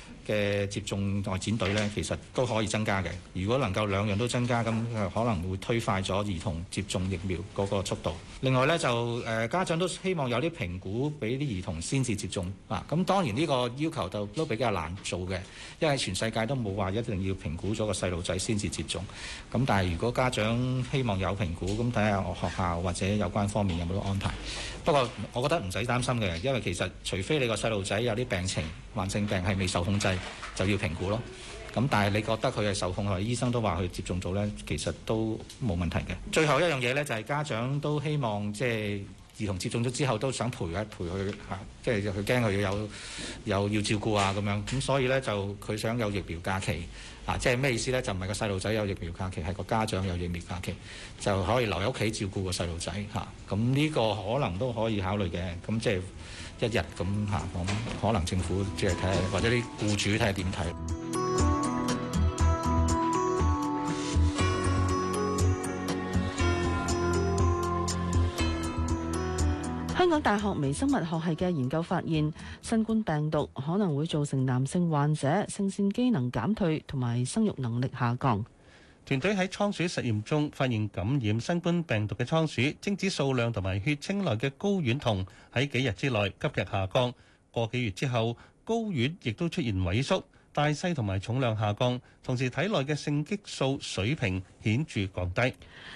H: 嘅接種外展隊呢，其實都可以增加嘅。如果能夠兩樣都增加，咁可能會推快咗兒童接種疫苗嗰個速度。另外呢，就誒、呃、家長都希望有啲評估，俾啲兒童先至接種啊。咁當然呢個要求就都，都比較難做嘅，因為全世界都冇話一定要評估咗個細路仔先至接種。咁但係如果家長希望有評估，咁睇下學校或者有關方面有冇得安排。不過，我覺得唔使擔心嘅，因為其實除非你個細路仔有啲病情、慢性病係未受控制，就要評估咯。咁但係你覺得佢係受控，或者醫生都話佢接種咗咧，其實都冇問題嘅。 最後一樣嘢咧，就係、是、家長都希望即係、就是、兒童接種咗之後都想陪一陪佢吓，即係佢驚佢有有要照顧啊咁樣。咁所以咧就佢想有疫苗假期。即係咩意思咧？就唔係個細路仔有疫苗假期，係個家長有疫苗假期，就可以留喺屋企照顧個細路仔嚇。咁，啊，呢個可能都可以考慮嘅。咁即係一日咁嚇，咁，啊，可能政府即係睇下，或者啲僱主睇下點睇。
C: 香港大學微生物學系嘅研究發現，新冠病毒可能會造成男性患者性腺機能減退同埋生育能力下降。
D: 團隊喺倉鼠實驗中發現，感染新冠病毒嘅倉鼠精子數量同埋血清內嘅睾丸酮喺幾日之內急劇下降，個幾月之後睾丸亦都出現萎縮。大西同埋重量下降，同時體內嘅性激素水平顯著降低。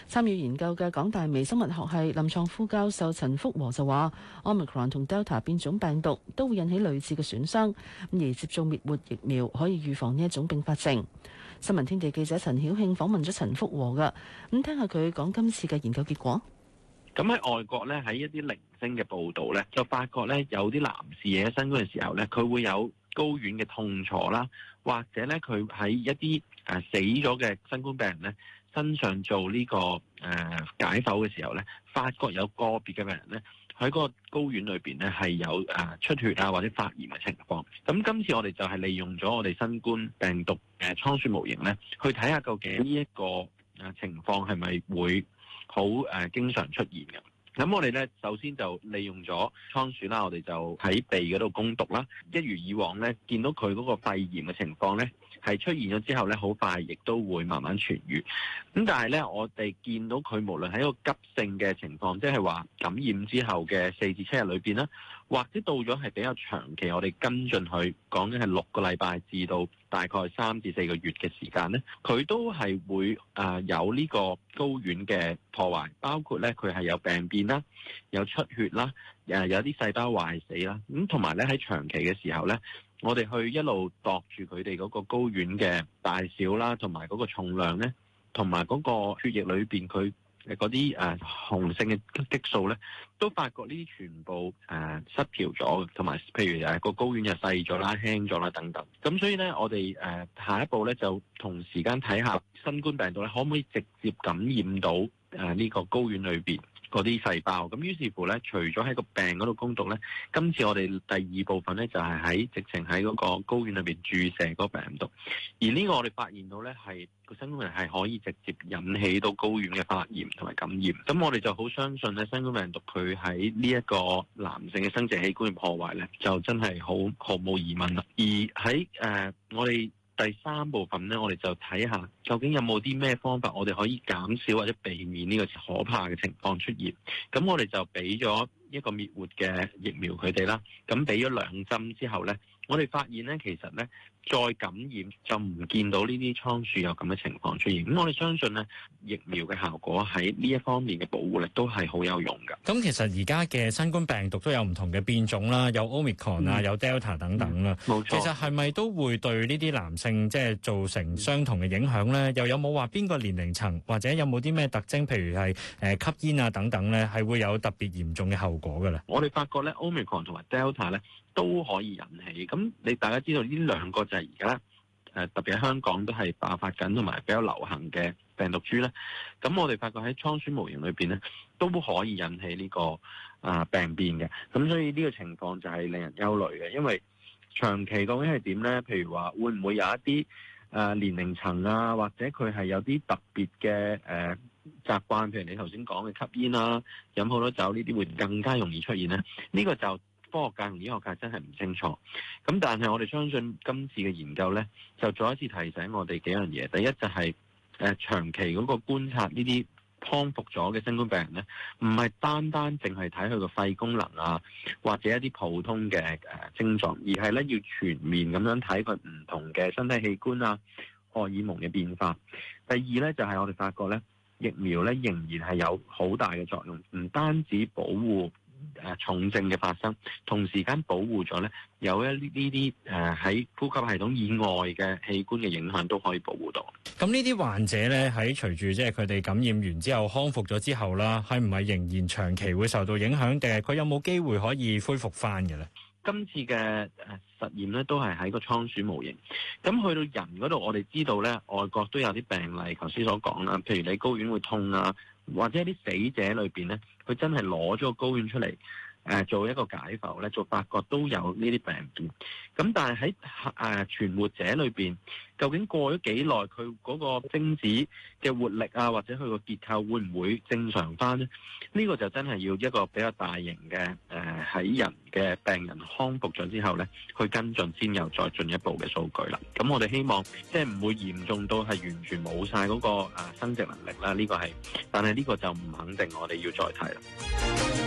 C: 參與研究嘅港大微生物學系臨床副教授陳福和就話：Omicron 同 Delta 變種病毒都會引起類似嘅損傷，而接種滅活疫苗可以預防呢一種併發症。新聞天地記者陳曉慶訪問咗陳福和嘅，咁聽下佢講今次嘅研究結果。
A: 咁喺外國呢，喺一啲零星嘅報導呢，就發覺呢，有啲男士野生嗰陣時候呢，佢會有。高院嘅痛楚啦，或者咧佢喺一啲誒死咗嘅新冠病人咧身上做呢個誒解剖嘅時候咧，發覺有個別嘅病人咧喺個高院裏邊咧係有誒出血啊或者發炎嘅情況，咁今次我哋就係利用咗我哋新冠病毒誒倉鼠模型咧，去睇下究竟呢一個誒情況，係咪會好誒經常出現嘅。咁、嗯、我哋咧，首先就利用咗倉鼠啦，我哋就喺鼻嗰度攻毒啦。一如以往咧，見到佢嗰個肺炎嘅情況咧。係出現咗之後咧，好快亦都會慢慢痊愈。咁但係咧，我哋見到佢無論喺個急性嘅情況，即係話感染之後嘅四至七日裏邊啦，或者到咗係比較長期，我哋跟進佢講緊係六個禮拜至到大概三至四個月嘅時間咧，佢都係會誒有呢個睾丸嘅破壞，包括咧佢係有病變啦、有出血啦、誒有啲細胞壞死啦，咁同埋咧喺長期嘅時候咧。我哋去一路度住佢哋嗰個睾丸嘅大小啦，同埋嗰個重量咧，同埋嗰個血液裏邊佢誒嗰啲誒雄性嘅激素咧，都發覺呢啲全部誒、呃、失調咗，同埋譬如誒個睾丸就細咗啦、輕咗啦等等。咁所以咧，我哋誒、呃、下一步咧就同時間睇下新冠病毒咧可唔可以直接感染到誒呢、呃這個睾丸裏邊。嗰啲細胞，咁於是乎咧，除咗喺個病嗰度攻毒咧，今次我哋第二部分咧就係、是、喺直情喺嗰個睾丸裏邊注射個病毒，而呢個我哋發現到咧係個新冠病毒係可以直接引起到睾丸嘅發炎同埋感染，咁我哋就好相信喺新冠病毒佢喺呢一個男性嘅生殖器官嘅破壞咧，就真係好毫無疑問啦。而喺誒、呃、我哋。第三部分呢，我哋就睇下究竟有冇啲咩方法，我哋可以減少或者避免呢個可怕嘅情況出現。咁我哋就俾咗一個滅活嘅疫苗佢哋啦。咁俾咗兩針之後呢，我哋發現呢，其實呢。再感染就唔見到呢啲倉鼠有咁嘅情況出現，咁我哋相信呢，疫苗嘅效果喺呢一方面嘅保護力都係好有用噶。咁其實而家嘅新冠病毒都有唔同嘅變種啦，有 Omicron 啊、嗯，有 Delta 等等啦。冇錯、嗯。錯其實係咪都會對呢啲男性即係造成相同嘅影響呢？又有冇話邊個年齡層或者有冇啲咩特徵，譬如係誒吸煙啊等等呢，係會有特別嚴重嘅後果噶咧？我哋發覺呢 Omicron 同埋 Delta 呢，Del 呢都可以引起。咁你大家知道呢兩個、就而家誒特別喺香港都係爆發緊同埋比較流行嘅病毒株咧，咁我哋發覺喺倉鼠模型裏邊咧都可以引起呢、這個啊、呃、病變嘅，咁所以呢個情況就係令人憂慮嘅，因為長期究竟係點咧？譬如話會唔會有一啲誒、呃、年齡層啊，或者佢係有啲特別嘅誒、呃、習慣，譬如你頭先講嘅吸煙啦、啊、飲好多酒呢啲，會更加容易出現咧？呢、這個就。科學界同醫學界真係唔清楚，咁但係我哋相信今次嘅研究呢，就再一次提醒我哋幾樣嘢。第一就係誒長期嗰個觀察呢啲康復咗嘅新冠病人呢，唔係單單淨係睇佢個肺功能啊，或者一啲普通嘅誒症狀，而係呢要全面咁樣睇佢唔同嘅身體器官啊、荷爾蒙嘅變化。第二呢，就係我哋發覺呢疫苗呢，仍然係有好大嘅作用，唔單止保護。誒重症嘅發生，同時間保護咗咧，有一呢啲誒喺呼吸系統以外嘅器官嘅影響都可以保護到。咁呢啲患者咧喺隨住即係佢哋感染完之後康復咗之後啦，係唔係仍然長期會受到影響？定係佢有冇機會可以恢復返嘅咧？今次嘅誒實驗咧都係喺個倉鼠模型，咁去到人嗰度，我哋知道咧，外國都有啲病例，頭先所講啦，譬如你高院會痛啊。或者啲死者裏邊咧，佢真係攞咗個高院出嚟。誒做一個解剖咧，做發覺都有呢啲病變。咁但係喺誒存活者裏邊，究竟過咗幾耐，佢嗰個精子嘅活力啊，或者佢個結構會唔會正常翻呢？呢、呢個就真係要一個比較大型嘅誒喺人嘅病人康復咗之後咧，去跟進先有再進一步嘅數據啦。咁我哋希望即係唔會嚴重到係完全冇晒嗰個、啊、生殖能力啦。呢、呢個係，但係呢個就唔肯定，我哋要再睇啦。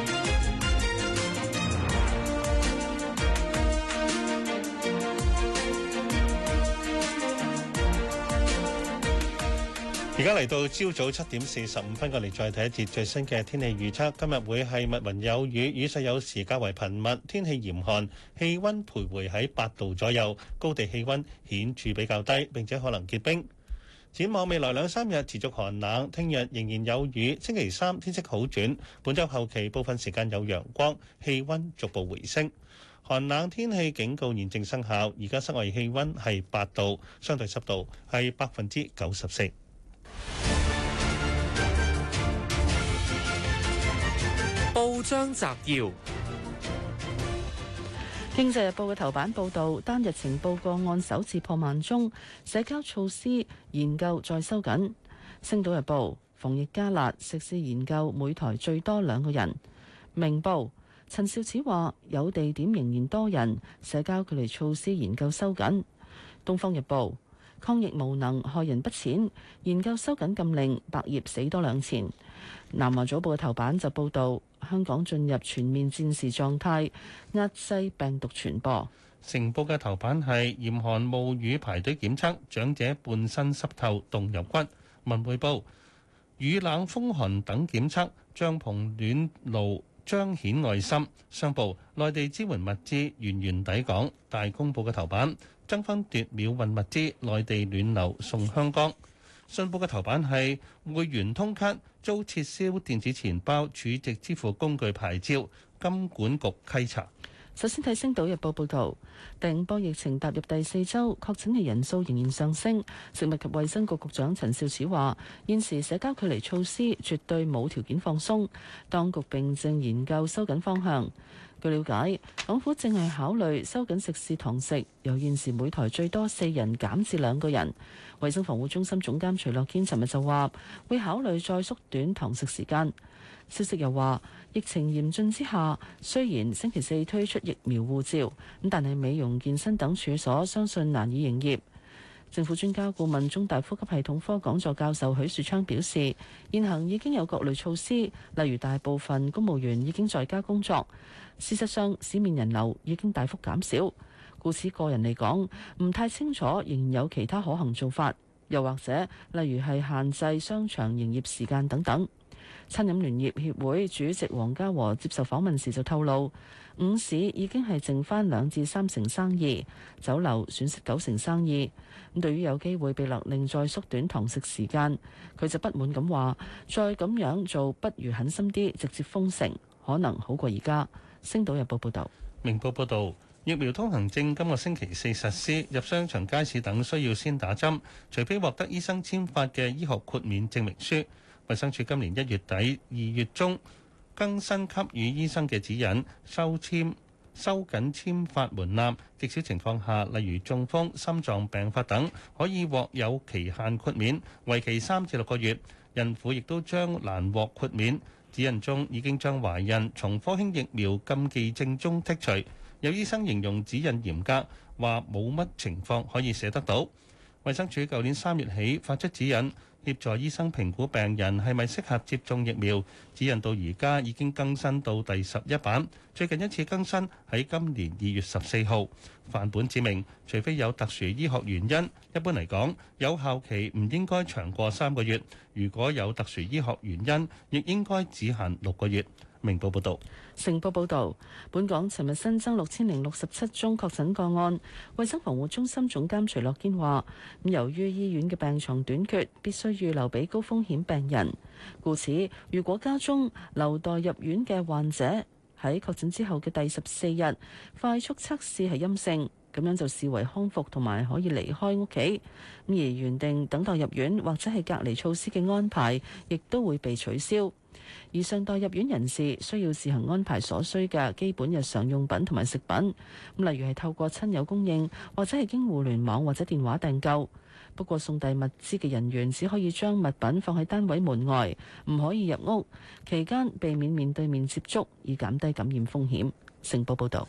D: 而家嚟到朝早七點四十五分，過嚟再睇一節最新嘅天氣預測。今日會係密雲有雨，雨勢有時較為頻密，天氣嚴寒，氣温徘徊喺八度左右。高地氣温顯著比較低，並且可能結冰。展望未來兩三日持續寒冷，聽日仍然有雨，星期三天色好轉。本週後期部分時間有陽光，氣温逐步回升。寒冷天氣警告現正生效。而家室外氣温係八度，相對濕度係百分之九十四。
L: 張澤耀
C: 《經濟日報》嘅頭版報道，單日情報個案首次破萬宗，社交措施研究再收緊。《星島日報》防疫加辣，食肆研究每台最多兩個人。《明報》陳肇始話：有地點仍然多人，社交距離措施研究收緊。《東方日報》抗疫無能害人不淺，研究收緊禁令，百業死多兩錢。南華早報嘅頭版就報道香港進入全面戰時狀態，壓制病毒傳播。
D: 成報嘅頭版係嚴寒冒雨排隊檢測，長者半身濕透凍入骨。文匯報雨冷風寒等檢測，帳篷暖爐彰顯愛心。商報內地支援物資源源抵港。大公報嘅頭版爭分奪秒運物資，內地暖流送香港。信報嘅頭版係會員通卡遭撤銷電子錢包儲值支付工具牌照，金管局稽查。
C: 首先睇《星島日報》報導，第五波疫情踏入第四週，確診嘅人數仍然上升。食物及衛生局局長陳肇始話：現時社交距離措施絕對冇條件放鬆，當局並正研究收緊方向。據了解，港府正係考慮收緊食肆堂食，由現時每枱最多四人減至兩個人。衛生防護中心總監徐樂堅尋日就話，會考慮再縮短堂食時間。消息又話，疫情嚴峻之下，雖然星期四推出疫苗護照，咁但係美容健身等處所相信難以營業。政府專家顧問中大呼吸系統科講座教授許樹昌表示，現行已經有各類措施，例如大部分公務員已經在家工作。事實上，市面人流已經大幅減少。故此個人嚟講，唔太清楚，仍有其他可行做法，又或者例如係限制商場營業時間等等。餐飲聯業協會主席黃家和接受訪問時就透露，午市已經係剩返兩至三成生意，酒樓損失九成生意。咁對於有機會被勒令再縮短堂食時間，佢就不滿咁話，再咁樣做不如狠心啲，直接封城，可能好過而家。星島日報報道。
D: 明報報道。疫苗通行證今個星期四實施入商場、街市等，需要先打針，除非獲得醫生簽發嘅醫學豁免證明書。衞生署今年一月底二月中更新給予醫生嘅指引，收簽收緊簽發門檻。極少情況下，例如中風、心臟病發等，可以獲有期限豁免，為期三至六個月。孕婦亦都將難獲豁免。指引中已經將懷孕從科興疫苗禁忌症中剔除。有醫生形容指引嚴格，話冇乜情況可以寫得到。衛生署舊年三月起發出指引，協助醫生評估病人係咪適合接種疫苗。指引到而家已經更新到第十一版，最近一次更新喺今年二月十四號。範本指明，除非有特殊醫學原因，一般嚟講有效期唔應該長過三個月。如果有特殊醫學原因，亦應該只限六個月。明報報道，
C: 成報報道，本港尋日新增六千零六十七宗確診個案。衛生防護中心總監徐樂堅話，由於醫院嘅病床短缺，必須預留俾高風險病人。故此，如果家中留待入院嘅患者喺確診之後嘅第十四日快速測試係陰性，咁樣就視為康復同埋可以離開屋企。而原定等待入院或者係隔離措施嘅安排，亦都會被取消。而上代入院人士需要自行安排所需嘅基本日常用品同埋食品，例如係透過親友供應或者係經互聯網或者電話訂購。不過送遞物資嘅人員只可以將物品放喺單位門外，唔可以入屋。期間避免面對面接觸，以減低感染風險。成報報導。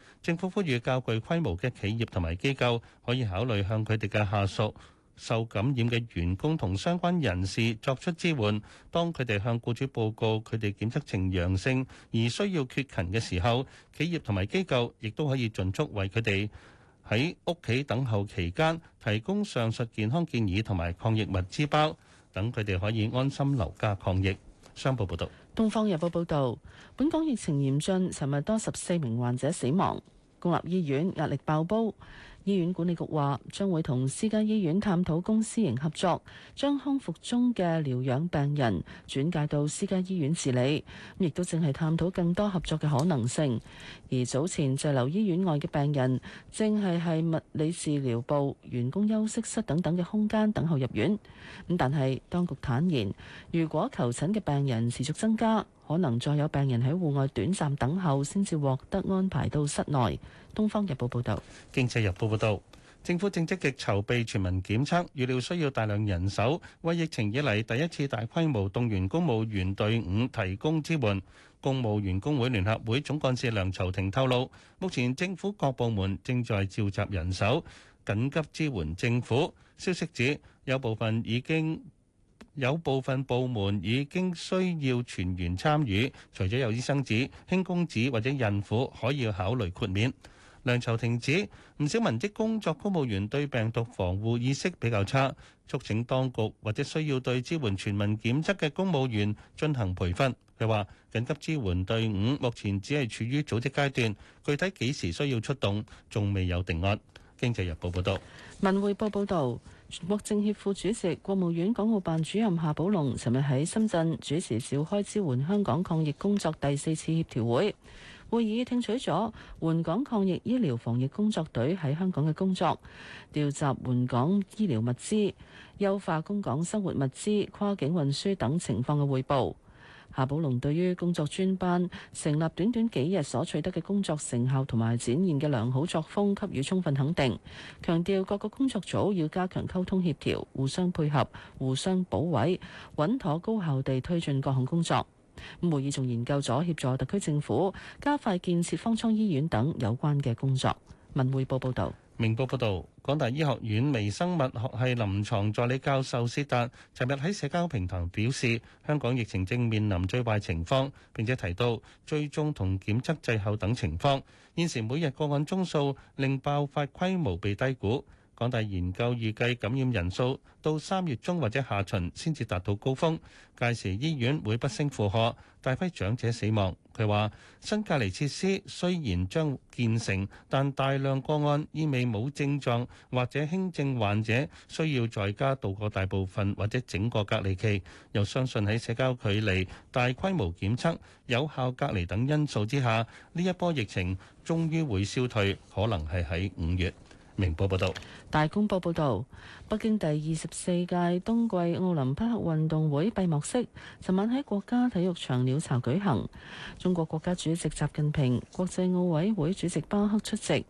D: 政府呼籲較具規模嘅企業同埋機構可以考慮向佢哋嘅下屬受感染嘅員工同相關人士作出支援，當佢哋向僱主報告佢哋檢測呈陽性而需要缺勤嘅時候，企業同埋機構亦都可以盡速為佢哋喺屋企等候期間提供上述健康建議同埋抗疫物資包，等佢哋可以安心留家抗疫。商報報道，
C: 《東方日報》報道，本港疫情嚴峻，尋日多十四名患者死亡，公立醫院壓力爆煲。醫院管理局話將會同私家醫院探討公私營合作，將康復中嘅療養病人轉介到私家醫院治理，亦都正係探討更多合作嘅可能性。而早前滯留醫院外嘅病人正係喺物理治療部、員工休息室等等嘅空間等候入院。咁但係當局坦言，如果求診嘅病人持續增加。可能再有病人喺戶外短暫等候，先至獲得安排到室內。東
D: 方日報報道，經濟日報報道，政府正積極籌備全民檢測，預料需要大量人手，為疫情以嚟第一次大規模動員公務員隊伍提供支援。公務員工會聯合會總幹事梁籌庭透露，目前政府各部門正在召集人手，緊急支援政府。消息指，有部分已經。有部分部門已經需要全員參與，除咗有醫生紙、輕公子或者孕婦可以考慮豁免。梁籌庭指，唔少文職工作公務員對病毒防護意識比較差，促請當局或者需要對支援全民檢測嘅公務員進行培訓。佢話緊急支援隊伍目前只係處於組織階段，具體幾時需要出動仲未有定案。經濟日報報道。
C: 文匯報報導。全國政協副主席、國務院港澳辦主任夏寶龍尋日喺深圳主持召開支援香港抗疫工作第四次協調會，會議聽取咗援港抗疫醫療防疫工作隊喺香港嘅工作、調集援港醫療物資、優化供港生活物資跨境運輸等情況嘅彙報。夏寶龍對於工作專班成立短短幾日所取得嘅工作成效同埋展現嘅良好作風給予充分肯定，強調各個工作組要加強溝通協調，互相配合，互相補位，穩妥高效地推進各項工作。咁會議仲研究咗協助特區政府加快建設方艙醫院等有關嘅工作。文匯報報道。
D: 明報報道，港大醫學院微生物學系臨床助理教授薛達，尋日喺社交平台表示，香港疫情正面臨最壞情況，並且提到追蹤同檢測滯後等情況。現時每日個案宗數令爆發規模被低估。港大研究預計感染人數到三月中或者下旬先至達到高峰，屆時醫院會不勝負荷，大批長者死亡。佢話新隔離設施雖然將建成，但大量個案意味冇症狀或者輕症患者需要在家度過大部分或者整個隔離期。又相信喺社交距離、大規模檢測、有效隔離等因素之下，呢一波疫情終於會消退，可能係喺五月。明報報道，
C: 大公報報道：北京第二十四屆冬季奧林匹克運動會閉幕式，尋晚喺國家體育場鳥巢舉行。中國國家主席習近平、國際奧委會主席巴赫出席。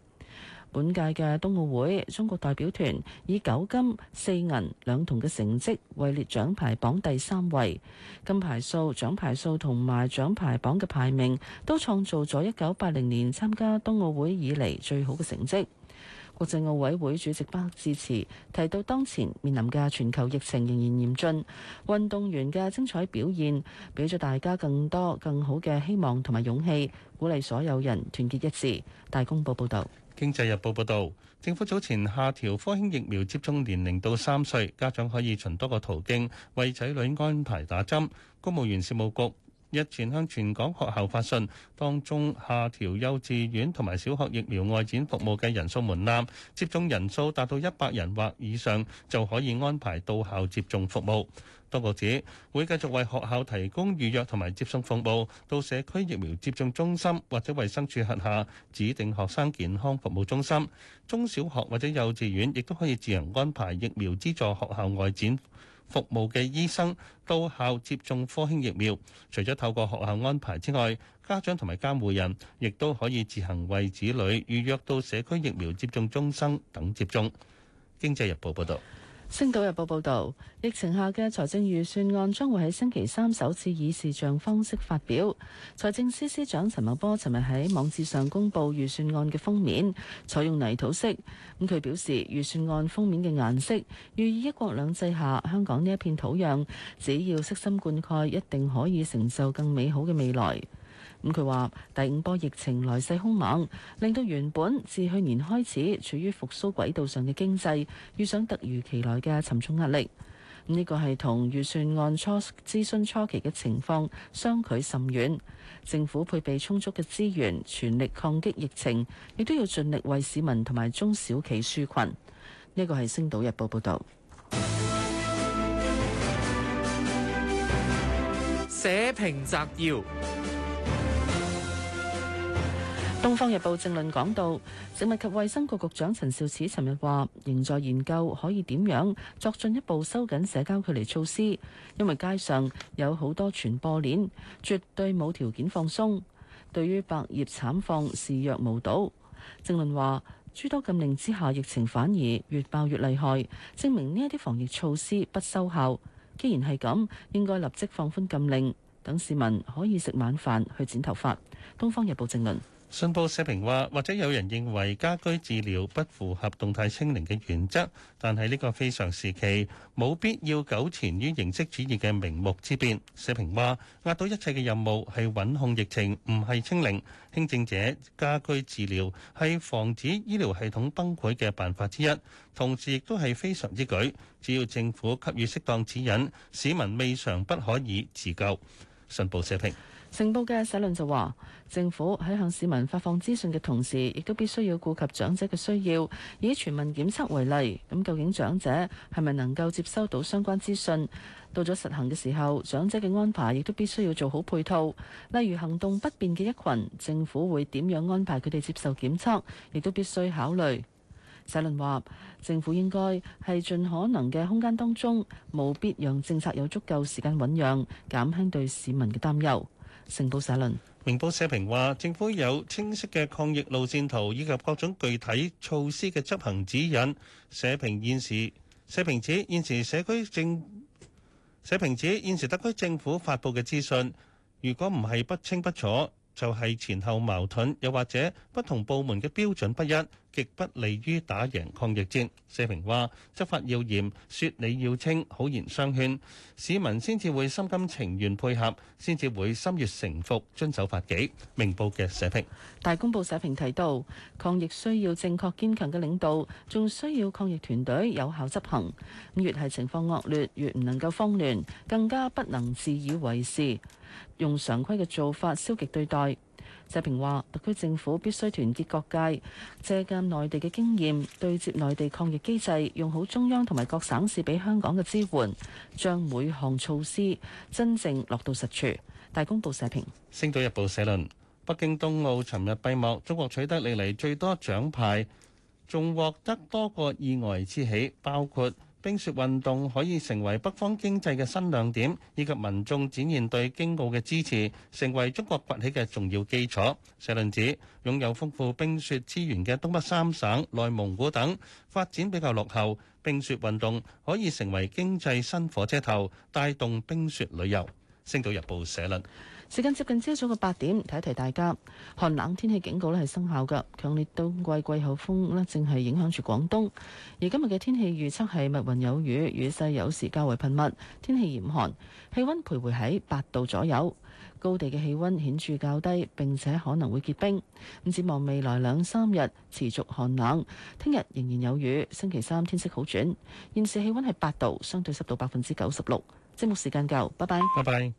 C: 本屆嘅冬奧會，中國代表團以九金四銀兩銅嘅成績，位列獎牌榜第三位。金牌數、獎牌數同埋獎牌榜嘅排名，都創造咗一九八零年參加冬奧會以嚟最好嘅成績。國際奧委會主席巴赫致辭，提到當前面臨嘅全球疫情仍然嚴峻，運動員嘅精彩表現俾咗大家更多更好嘅希望同埋勇氣，鼓勵所有人團結一致。大公報報道，
D: 《經濟日報》報道，政府早前下調科興疫苗接種年齡到三歲，家長可以循多個途徑為仔女安排打針。公務員事務局。日前向全港學校發信，當中下調幼稚園同埋小學疫苗外展服務嘅人數門檻，接種人數達到一百人或以上就可以安排到校接種服務。當局指會繼續為學校提供預約同埋接送服務，到社區疫苗接種中心或者衛生署轄下指定學生健康服務中心、中小學或者幼稚園，亦都可以自行安排疫苗資助學校外展。服務嘅醫生到校接種科興疫苗，除咗透過學校安排之外，家長同埋監護人亦都可以自行為子女預約到社區疫苗接種中心等接種。經濟日報報導。
C: 《星島日報》報導，疫情下嘅財政預算案將會喺星期三首次以視像方式發表。財政司司長陳茂波尋日喺網誌上公布預算案嘅封面，採用泥土色。咁佢表示，預算案封面嘅顏色寓意一國兩制下香港呢一片土壤，只要悉心灌溉，一定可以成就更美好嘅未來。咁佢話第五波疫情來勢兇猛，令到原本自去年開始處於復甦軌道上嘅經濟，遇上突如其來嘅沉重壓力。呢、這個係同預算案初諮詢初期嘅情況相距甚遠。政府配備充足嘅資源，全力抗擊疫情，亦都要盡力為市民同埋中小企舒困。呢、這個係《星島日報,報道》報導。捨平摘要。《東方日報》正論講到，食物及衛生局局長陳肇始尋日話，仍在研究可以點樣作進一步收緊社交距離措施，因為街上有好多傳播鏈，絕對冇條件放鬆。對於百業慘況視若無睹，正論話諸多禁令之下，疫情反而越爆越厲害，證明呢一啲防疫措施不收效。既然係咁，應該立即放寬禁令，等市民可以食晚飯去剪頭髮。《東方日報》正論。
D: 信報社評話，或者有人認為家居治療不符合動態清零嘅原則，但係呢個非常時期，冇必要糾纏於形式主義嘅名目之辯。社評話，壓倒一切嘅任務，係穩控疫情，唔係清零。輕症者家居治療，係防止醫療系統崩潰嘅辦法之一，同時亦都係非常之舉，只要政府給予適當指引，市民未嘗不可以自救。信報社評。
C: 成報嘅社論就話，政府喺向市民發放資訊嘅同時，亦都必須要顧及長者嘅需要。以全民檢測為例，咁究竟長者係咪能夠接收到相關資訊？到咗實行嘅時候，長者嘅安排亦都必須要做好配套。例如行動不便嘅一群，政府會點樣安排佢哋接受檢測，亦都必須考慮。社論話，政府應該係盡可能嘅空間當中，務必讓政策有足夠時間醞釀，減輕對市民嘅擔憂。明報社論，
D: 明報社評話政府有清晰嘅抗疫路線圖以及各種具體措施嘅執行指引。社評現時，社評指現時社區政，社評指現時特區政府發布嘅資訊，如果唔係不清不楚。就係前後矛盾，又或者不同部門嘅標準不一，極不利於打贏抗疫戰。社評話：執法要嚴，説理要清，好言相勸，市民先至會心甘情願配合，先至會心悦誠服遵守法紀。明報嘅社評，
C: 大公報社評提到，抗疫需要正確堅強嘅領導，仲需要抗疫團隊有效執行。越係情況惡劣，越唔能夠慌亂，更加不能自以為是。用常規嘅做法消極對待，社評話：特區政府必須團結各界，借鑑內地嘅經驗，對接內地抗疫機制，用好中央同埋各省市俾香港嘅支援，將每項措施真正落到實處。大公報社評、
D: 星島日報社論，北京冬奧尋日閉幕，中國取得歷嚟最多獎牌，仲獲得多個意外之喜，包括，冰雪運動可以成為北方經濟嘅新亮點，以及民眾展現對京奧嘅支持，成為中國崛起嘅重要基礎。社論指擁有豐富冰雪資源嘅東北三省、內蒙古等發展比較落後，冰雪運動可以成為經濟新火車頭，帶動冰雪旅遊。星島日報社論。時間
C: 接近朝早嘅八點，提一提大家，寒冷天氣警告呢係生效㗎，強烈冬季季候風呢正係影響住廣東。而今日嘅天氣預測係密雲有雨，雨勢有時較為頻密，天氣嚴寒，氣温徘徊喺八度左右。高地嘅氣温顯著較低，並且可能會結冰。展望未來兩三日持續寒冷，聽日仍然有雨，星期三天色好轉。現時氣温係八度，相對濕度百分之九十六。節目時間夠，拜拜。拜拜。